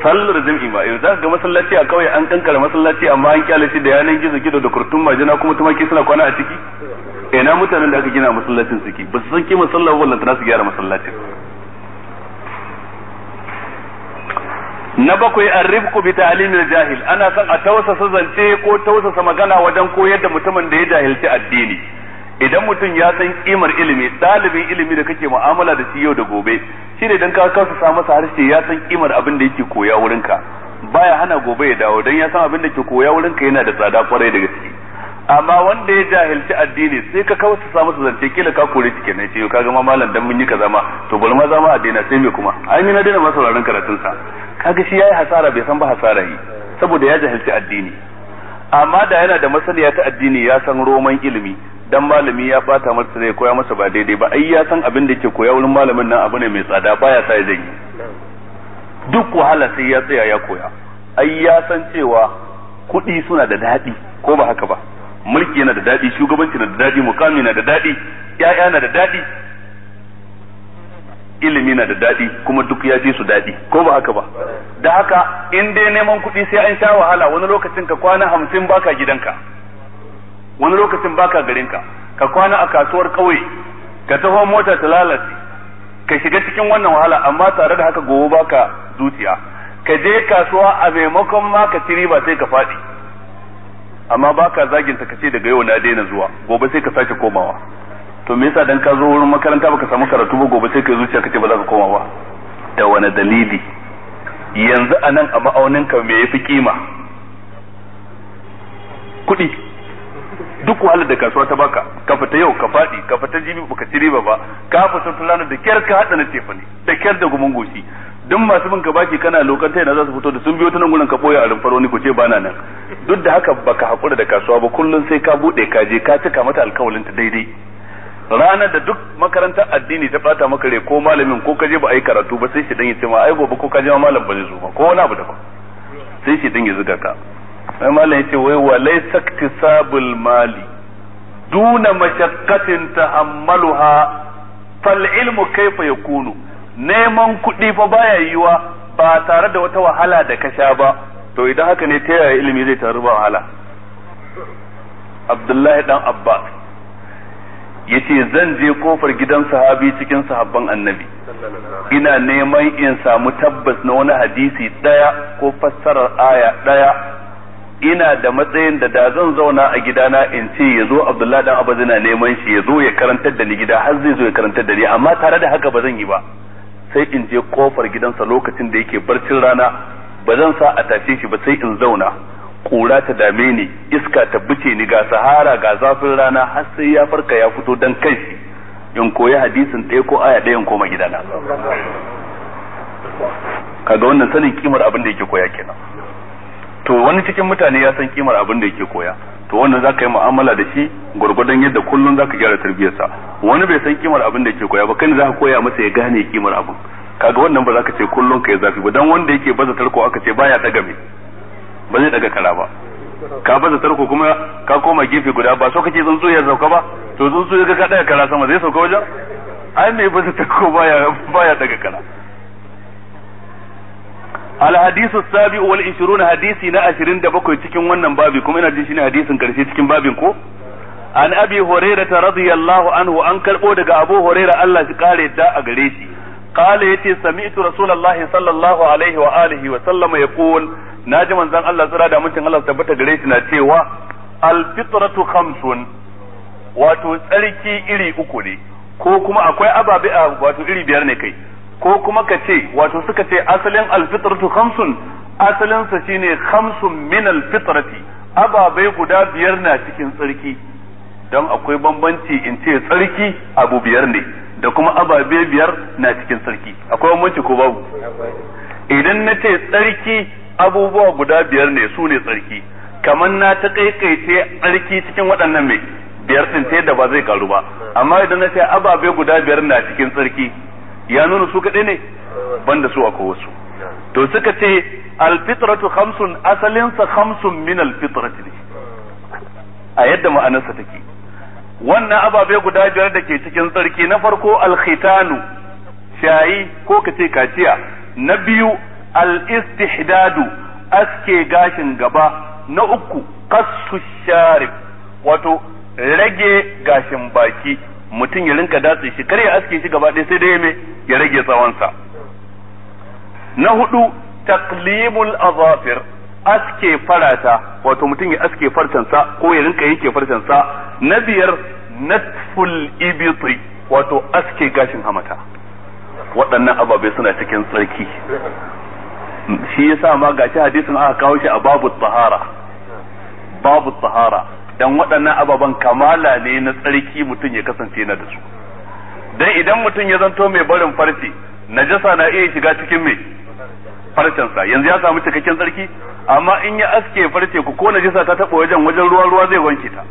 sallar jami'i ba yau za ka ga masallaci a kawai an kankara masallaci amma an kyale shi da yanan gizo gizo da kurtun majina kuma tumaki suna kwana a ciki ina mutanen da aka gina masallacin suke ba su san kima sallar wallan tana su gyara masallacin na bakwai an rifku bi ta'limil jahil ana son a tausasa zance ko tausasa magana wajen koyar da mutumin da ya jahilci addini idan mutum ya san kimar ilimi ɗalibin ilimi da kake mu'amala da shi yau da gobe shi ne dan ka kasa sa masa harshe ya san kimar abin da yake koya wurinka baya hana gobe ya dawo dan ya san abin da ke koya wurin ka yana da tsada kwarai da gaske amma wanda ya jahilci addini sai ka kawo sa masa zance kila ka kore shi kenan ka kaga ma malam dan mun yi kaza ma to bari ma zama addina sai me kuma ai ni na daina masa sauraron karatun sa kaga shi yayi hasara bai san ba hasara yi saboda ya jahilci addini amma da yana da masaniya ta addini ya san roman ilimi dan malami ya bata masa zai koya masa ba daidai ba ai ya san abin da yake koya wurin malamin nan abu ne mai tsada baya sa zai yi duk wahala sai ya tsaya ya koya ai ya san cewa kuɗi suna da daɗi ko ba haka ba mulki yana da daɗi shugabanci na da daɗi mukami na da daɗi ƴaƴa na da daɗi ilimi na da daɗi kuma duk ya fi su daɗi ko ba haka ba da haka in dai neman kuɗi sai an sha wahala wani lokacin ka kwana hamsin baka gidanka wani lokacin baka garin ka ka kwana a kasuwar kauye ka taho mota ta lalace ka shiga cikin wannan wahala amma tare da haka gobe baka zuciya ka je kasuwa a maimakon ma ka tiri ba sai ka faɗi amma baka zagin ka ce daga yau na daina zuwa gobe sai ka sake komawa to me yasa dan ka zo wurin makaranta baka samu karatu ba gobe sai ka zuciya kace ba za ka koma ba da wani dalili yanzu anan a ma'auninka me yafi kima kuɗi duk wahalar da kasuwa ta baka ka fita yau ka fadi ka fita jibi baka ci riba ba ka fita fulana da kyar ka hada na tefa ne da kyar da gumin goshi duk masu bin ka baki kana lokanta yana za su fito da sun biyo ta nan gurin ka boye a rumfar ni ku ce bana nan duk da haka baka hakura da kasuwa ba kullun sai ka bude ka je ka cika mata alkawalin ta daidai ranar da duk makarantar addini ta bata maka rai ko malamin ko kaje ba a yi karatu ba sai shi dan ya ce ma ai gobe ko je ma malam ba zai zo ba ko wani abu ba sai shi dan ya zuga ka mala ya yace wai wa laysa iktisabul mali duna mashaqqatin tahammaluha fal ilmu kaifa kunu neman kuɗi fa baya yiwa ba tare da wata wahala da ka sha ba to idan haka ne ta yaya ilimi zai taru ba wahala Abdullahi dan Abbas yace zan je kofar gidan sahabi cikin sahabban annabi ina neman in samu tabbas na wani hadisi daya ko fassarar aya daya ina da matsayin da da zan zauna a gidana in ce ya zo abdullahi dan abu zina neman shi ya zo ya karantar da ni gida har zai zo ya karantar da ni amma tare da haka ba zan yi ba sai in je kofar gidansa lokacin da yake barcin rana ba zan sa a tashe shi ba sai in zauna kura ta dame ni iska ta bice ni ga sahara ga zafin rana har sai ya farka ya fito dan kai shi in koyi hadisin ɗaya ko aya ɗaya in koma gidana kaga wannan sanin kimar abin da yake koya kenan to wani cikin mutane ya san kimar abin da yake koya to wannan zaka yi mu'amala da shi gurgurdan yadda kullun zaka gyara tarbiyarsa wani bai san kimar abin da yake koya ba kai ne zaka koya masa ya gane kimar abin kaga wannan ba zaka ce kullun kai zafi ba dan wanda yake baza tarko aka ce baya daga me ba zai daga kara ba ka baza tarko kuma ka koma gefe guda ba so kake tsuntsu ya sauka ba to tsuntsu ya ga ka daga kara sama zai sauka wajen ai me baza tarko baya baya daga kara الحديث السابع والعشرون حديثي نا عشرين دبكو cikin wannan babi kuma ina jin shine hadisin karshe cikin babin ko an abi hurairah radiyallahu anhu an karbo daga abu hurairah Allah shi kare da a gare shi قال يتي سمعت رسول الله صلى الله عليه وآله وسلم يقول da من Allah الله سرادة من الله cewa. al ناتيوا الفطرة خمس tsarki iri إلي أكولي ko kuma akwai ababe a wato iri biyar ne kai ko kuma ka ce wato suka ce asalin alfitratu khamsun asalin sa shine khamsun min alfitrati ababai guda biyar na cikin tsarki don akwai bambanci in ce tsarki abu biyar ne da kuma ababai biyar na cikin tsarki akwai bambanci ko babu idan na ce tsarki abubuwa guda biyar ne su ne tsarki kamar na ta kaikaice tsarki cikin waɗannan mai biyar sun ce da ba zai karu ba amma idan na ce ababai guda biyar na cikin tsarki ya nuna su kaɗai ne banda su akwai wasu to suka ce alfitratu khamsun asalinsa khamsun min alfitrati ne a yadda ma'anarsa take wannan ababe guda biyar da ke cikin tsarki na farko alkhitanu shayi ko ka ce kaciya na biyu al-istihdadu aske gashin gaba na uku kasu sharif wato rage gashin baki mutum ya rinka datse shi kar ya aske shi gaba ɗaya sai dai me ya rage tsawonsa na hudu taqlimul azafir aske farata wato mutum ya aske farcensa ko ya rinka yake farcensa na biyar natful ibti wato aske gashin hamata waɗannan ababai suna cikin tsarki shi yasa ma gashi hadisin aka kawo shi a babu tsahara babu tsahara dan waɗannan ababen kamala ne na tsarki mutum ya kasance na da su dan idan mutum ya zanto mai barin farce najasa na iya shiga cikin mai farcensa yanzu ya samu cikakken tsarki amma in ya aske farce ku ko najasa ta taɓa wajen wajen ruwa ruwa zai wanke ta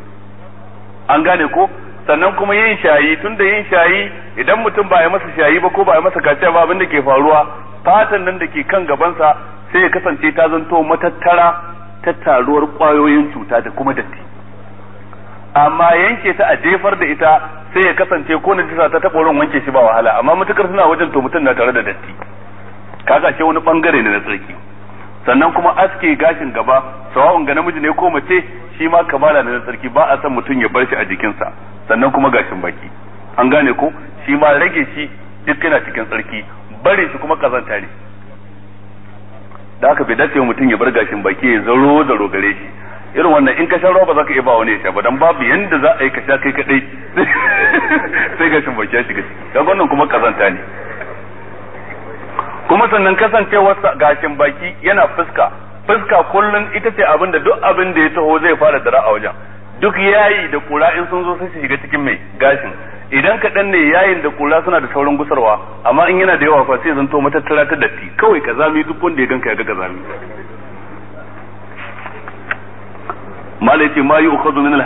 an gane ko sannan kuma yin shayi tunda yin shayi idan mutum ba ya masa shayi ba ko ba ya masa kaciya ba abin da ke faruwa fatan nan da ke kan gabansa sai ya kasance ta zanto matattara ta taruwar kwayoyin cuta da kuma datti amma yanke ta a jefar da ita sai ya kasance ko na jisa ta taɓa wurin wanke shi ba wahala amma matukar suna wajen to mutum na tare da datti kaga ce wani bangare ne na tsarki sannan kuma aske gashin gaba sawawan ga namiji ne ko mace shi ma kamala ne na tsarki ba a san mutum ya bar shi a jikinsa sannan kuma gashin baki an gane ko shi ma rage shi duk yana cikin tsarki bare shi kuma kazanta ne da haka bai dace mutum ya bar gashin baki ya zaro zaro gare shi irin wannan in ka sha ruwa ba za ka iya ba wani ya sha ba dan babu yanda za a yi ka kai kadai sai gashin shimbaki ya shiga ciki wannan kuma kazanta ne kuma sannan wasu gashin baki yana fuska fuska kullun ita ce abin da duk abin da ya taho zai fara dara a wajen duk yayi da kura in sun zo sai su shiga cikin mai gashin idan kaɗan ne yayin da kura suna da saurin gusarwa amma in yana da yawa fa sai zanto matattara ta datti kawai kazami duk wanda ya ganka ya ga kazami malai ce ma yu'khadhu min al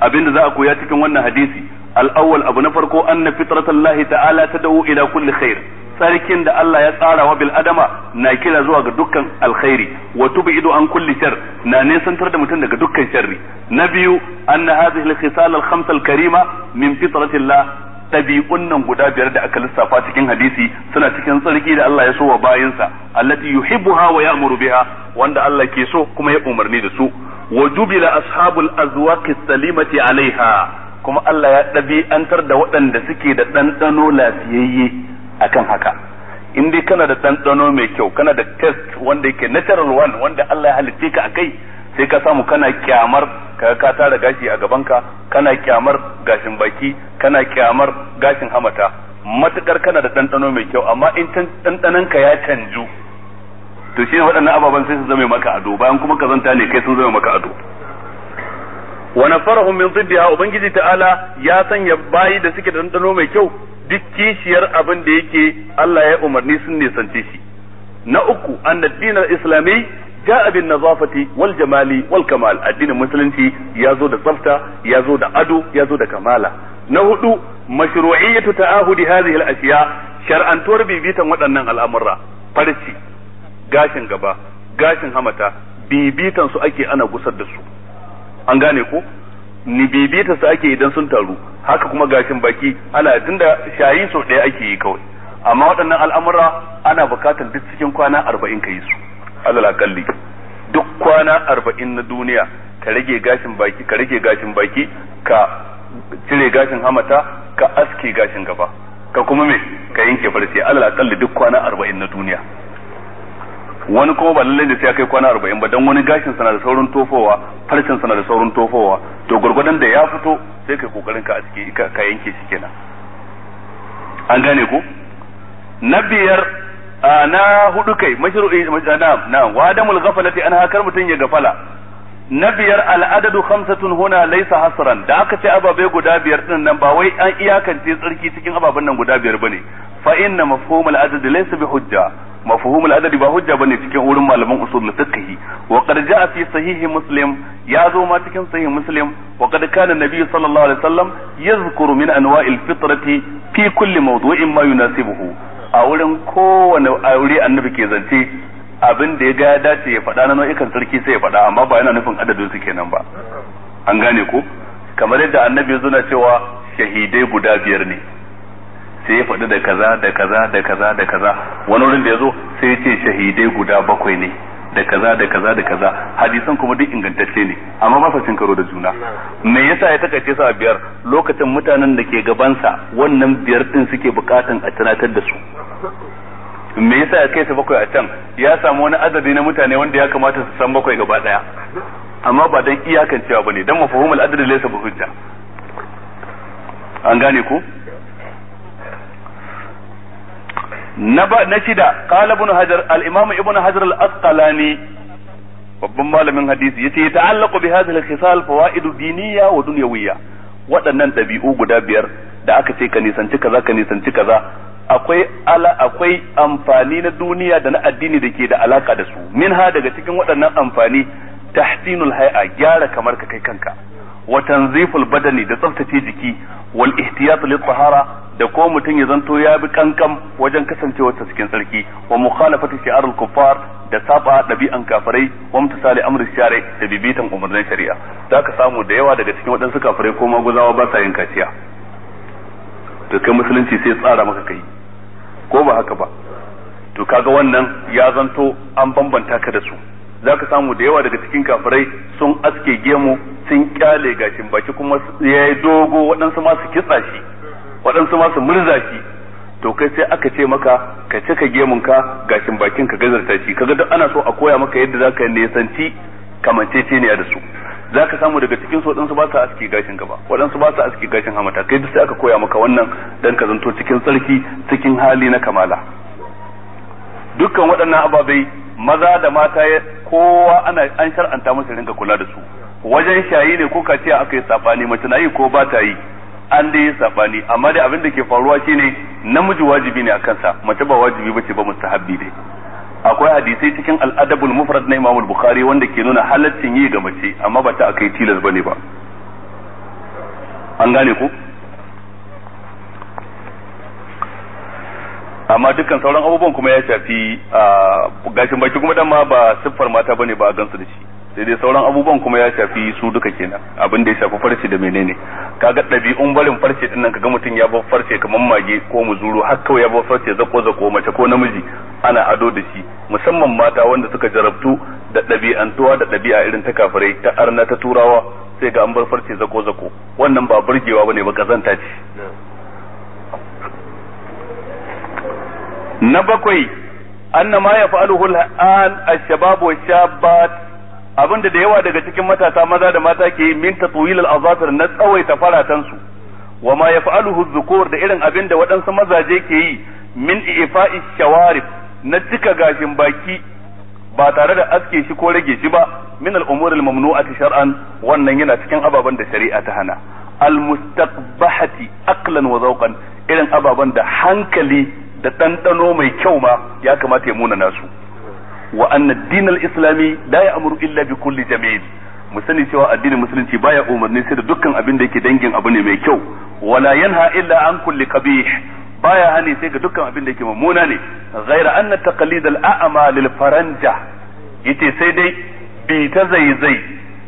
abinda za a koya cikin wannan hadisi al-awwal abu na farko anna fitratallahi ta'ala tad'u ila kulli khair tsarkin da Allah ya tsara wa bil adama na kira zuwa ga dukkan alkhairi wa tub'idu an kulli shar na nesantar da mutum daga dukkan sharri na biyu anna hadhihi al-khisal al-khams al-karima min fitratillah tabi'un nan guda biyar da aka lissafa cikin hadisi suna cikin tsarki da Allah ya so wa bayinsa allati yuhibbuha wa ya'muru biha wanda Allah ke so kuma ya umarni da su wa jubila ashabul azwaqis salimati alaiha kuma Allah ya ɗabi'antar da waɗanda suke da ɗanɗano lafiyayye akan haka in dai kana da ɗanɗano mai kyau kana da test wanda yake natural one wanda Allah ya halitte ka akai sai ka samu kana kyamar kaga ka tara gashi a gabanka kana kyamar gashin baki kana kyamar gashin hamata matukar kana da ɗanɗano mai kyau amma in ɗanɗanon ka ya canju to shi ne waɗannan ababen sai su zame maka ado bayan kuma kazanta ne kai sun zame maka ado wa nasarahum min ziddiha ubangiji ta'ala ya sanya bayi da suke da dandano mai kyau duk kishiyar abin da yake Allah ya umarni sun nisance shi na uku annaddin al-islami ja abin nazafati wal jamali wal kamal addinin musulunci ya zo da tsafta ya zo da ado ya zo da kamala na hudu mashru'iyyatu ta'ahudi hadhihi al-ashiya shar'antuwar bibitan waɗannan al'amura farci gashin gaba gashin hamata bibitan su ake ana gusar da su an gane ko ni bibita su ake idan sun taru haka kuma gashin baki ana tunda shayi so ɗaya ake yi kawai amma waɗannan al'amura ana bukatar duk cikin kwana arba'in ka yi su alal akalli duk kwana arba'in na duniya ka rage gashin baki ka rage gashin baki ka cire gashin hamata ka aske gashin gaba ka kuma me ka yanke farce alal akalli duk kwana arba'in na duniya wani kuma ba lallai da sai kai kwana arba'in ba dan wani gashin sana da saurin tofowa farcin sana da saurin tofowa to gurgurdan da ya fito sai kai kokarin ka a ciki ka yanke shi kenan an gane ko na biyar na hudu kai mashru'i na na wa adamul ghaflati an hakar mutun ya gafala na biyar al'adadu khamsatun huna laisa hasran da aka ce ababai guda biyar din nan ba wai an iyakance tsarki cikin ababen nan guda biyar bane fa inna mafhumul al'adad laysa bi hujja مفهوم العدد ba hujja bane cikin wurin malaman usul fiqh wa qad jaa fi sahih muslim ya zo ma cikin sahih muslim wa qad kana nabi sallallahu alaihi wasallam yadhkuru min anwa'il fitrati fi kulli mawdu'in ma yunasibuhu a wurin kowane aure annabi ke zance abin da ya ga ya dace ya faɗa na nau'ikan sarki sai ya faɗa amma ba yana nufin adadin su kenan ba an gane ko kamar yadda annabi ya zuna cewa shahidai guda biyar ne sai ya faɗi da kaza da kaza da kaza da kaza wani wurin da ya zo sai ya ce shahidai guda bakwai ne da kaza da kaza da kaza hadisan kuma duk ingantacce ne amma ba sa cin karo da juna me yasa ya takaice sa biyar lokacin mutanen da ke gabansa wannan biyar din suke bukatan a tunatar da su me yasa ya kai su bakwai a can ya samu wani adadi na mutane wanda ya kamata su san bakwai gaba daya amma ba dan iyakancewa bane dan mafhumul adadi laysa bi hujja an gane ku. na shida qala ibn hajar al imam ibn hajar al asqalani babban malamin hadisi yace ya ta'allaqu bi hadhihi al khisal fawaidu diniyya wa dunyawiyya waɗannan ɗabi'u guda biyar da aka ce ka nisanci kaza ka nisanci kaza akwai ala akwai amfani na duniya da na addini da ke da alaka da su minha daga cikin waɗannan amfani tahsinul hay'a gyara kamar ka kai kanka wa tanziful badani da tsaftace jiki wal ihtiyat lit tahara da ko mutum ya zanto ya bi kankan wajen kasancewar ta cikin sarki wa mukhalafati shi'ar al kuffar da saba dabi'an kafirai wa mutasali amri shari'a da bibitan umarnin shari'a zaka samu da yawa daga cikin waɗansu kafirai ko maguzawa ba sa yin kaciya to kai musulunci sai tsara maka kai ko ba haka ba to kaga wannan ya zanto an bambanta ka da su zaka samu da yawa daga cikin kafirai sun aske gemu sun kyale gashin baki kuma ya yi dogo waɗansu ma su kitsa shi waɗansu ma su murza shi to kai sai aka ce maka ka cika gemun ka gashin bakin ka gazarta shi kaga duk ana so a koya maka yadda za zaka nisanci kamancece ne da su za ka samu daga cikin su waɗansu ba sa aski gashin gaba waɗansu ba sa aski gashin hamata kai duk sai aka koya maka wannan dan ka zanto cikin tsarki cikin hali na kamala dukkan waɗannan ababai maza da mata ya kowa ana an shar'anta masa rinka kula da su wajen shayi ne ko kaciya aka yi sabani mace na yi ko ba ta yi an dai yi sabani amma dai abin da ke faruwa shine namiji wajibi ne a kansa mace ba wajibi bace ba mustahabbi dai akwai hadisai cikin al'adabul mufrad na Imam Bukhari wanda ke nuna halaccin yi ga mace amma ba ta akai tilas bane ba an gane ko amma dukkan sauran abubuwan kuma ya shafi gashin baki kuma dan ma ba siffar mata bane ba a gansu da shi sai dai sauran abubuwan kuma ya shafi su duka kenan abin da ya shafi farce da menene kaga ɗabi'un barin farce din nan kaga mutum ya bar farce kamar mage ko muzuru har kawai ya bar farce zako zako mace ko namiji ana ado da shi musamman mata wanda suka jarabtu da ɗabi'antuwa da ɗabi'a irin ta kafirai ta arna ta turawa sai ga an bar farce zako zako wannan ba burgewa bane ba kazanta ce na bakwai anna ma ya al-an ash-shabab wash-shabbat abinda da yawa daga cikin matasa maza da mata ke min tatwil al-azafir na tsawaita faratan su wa ma ya adh-dhukur da irin abinda waɗansu mazaje ke yi min ifa'i shawarif na cika gashin baki ba tare da aske shi ko rage shi ba min al-umur al-mamnu'ati shar'an wannan yana cikin ababen da shari'a ta hana al-mustaqbahati aqlan wa zawqan irin ababen da hankali da ɗanɗano mai kyau ma ya kamata ya muna nasu wa anna dinal islami la ya'muru illa bi kulli jamil mu sani cewa addinin musulunci baya umarni sai da dukkan abin da yake dangin abu ne mai kyau wala yanha illa an kulli qabih baya hani sai ga dukkan abin da yake mummuna ne ghaira anna taqlid al a'ma lil faranja yace sai dai bi ta zaizai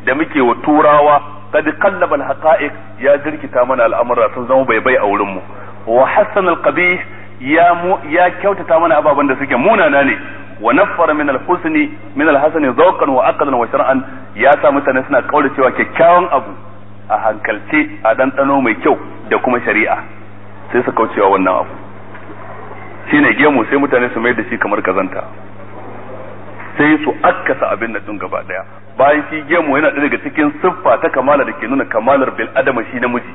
da muke wa turawa kad qallaba al haqa'iq ya jirkita mana al'amura sun zama bai bai a wurin mu wa hasan al qabih ya ya kyautata mana ababen da suke munana ne wa naffara min al-husni min al-hasani zawqan wa aqlan wa shar'an ya sa mutane suna kaura cewa kyakkyawan abu a hankalce a dandano mai kyau da kuma shari'a sai su kaucewa wannan abu shine gemu sai mutane su mai da shi kamar kazanta sai su akkasa abin da tun gaba daya bayan shi gemu yana da daga cikin siffa ta kamala da ke nuna kamalar bil adama shi namiji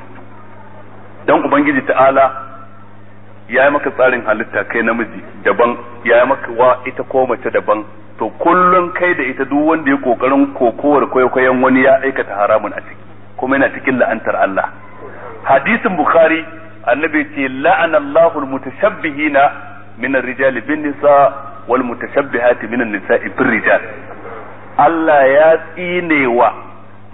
dan ubangiji ta'ala ya yi maka tsarin halitta kai namiji daban ya yi maka wa ita ko mace daban to kullum kai da ita duk wanda ya kokarin kokowar kwaikwayon wani ya aikata haramun a ciki kuma yana cikin la'antar Allah hadisin bukhari annabi ce la'ana Allahul mutashabbihina min ar-rijal bin nisa wal mutashabbihati min an-nisa'i bir rijal Allah ya tsinewa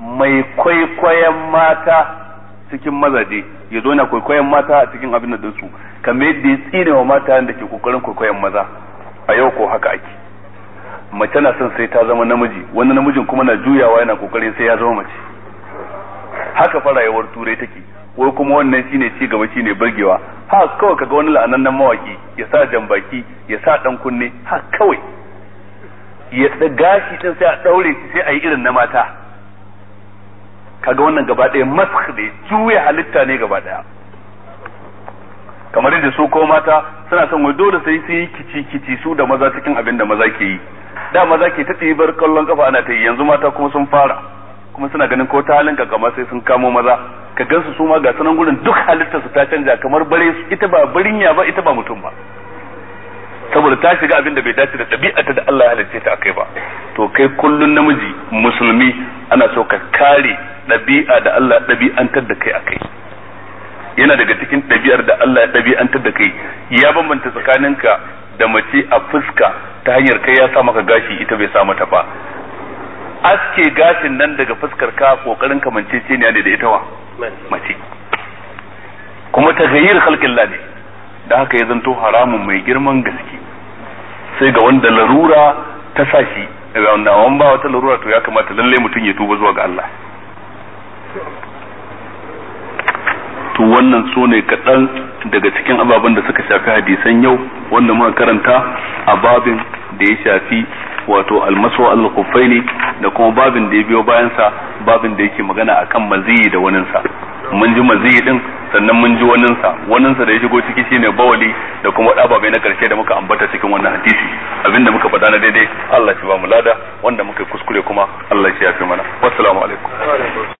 mai kwaikwayon mata cikin mazaje ya zo na kwaikwayon mata a cikin abin da su kamar yadda ya tsine wa mata da ke kokarin kwaikwayon maza a yau ko haka ake mace na son sai ta zama namiji wani namijin kuma na juyawa yana kokarin sai ya zama mace haka fa rayuwar turai take wai kuma wannan shine ci gaba shine burgewa ha kawai kaga wani la'anannan mawaki ya sa baki ya sa dan kunne ha kawai ya gashi din sai a daure sai a yi irin na mata kaga wannan gaba ɗaya masu ne juya halitta ne gaba ɗaya kamar yadda su ko mata suna son wai dole sai su yi kici kici su da maza cikin abin da maza ke yi da maza ke ta bar kallon kafa ana ta yi yanzu mata kuma sun fara kuma suna ganin ko ta halin kakama sai sun kamo maza ka gansu su ma ga sanan gudun duk halittarsu ta canja kamar bare ita ba birinya ba ita ba mutum ba saboda ta shiga abin da bai dace da ɗabi'ata da Allah ya halicce ta akai ba to kai kullun namiji musulmi ana so ka kare ɗabi'a da Allah ɗabi'antar da kai akai yana daga cikin ɗabi'ar da Allah ya ɗabi'antar da kai ya bambanta tsakaninka da mace a fuska ta hanyar kai ya sa maka gashi ita bai sa mata ba aske gashin nan daga fuskar ka kokarin kamanceceniya ne da ita wa mace kuma ta gayyar ne da haka ya zanto haramun mai girman gaske sai ga wanda larura ta sashi daga wanda wan ba wata larura to ya kamata lalle mutum ya tuba zuwa ga Allah to wannan so ne kaɗan daga cikin ababen da suka shafi hadisan yau wanda muka karanta a babin da ya shafi wato almasu al kuffaini da kuma babin da ya biyo bayansa sa babin da yake magana akan maziyi da waninsa sa mun ji maziyi din sannan mun ji waninsa sa da ya shigo ciki shine bawali da kuma ababai na karshe da muka ambata cikin wannan hadisi abinda muka faɗa na daidai Allah ya ba mu lada wanda muka kuskure kuma Allah ya fi mana wassalamu alaikum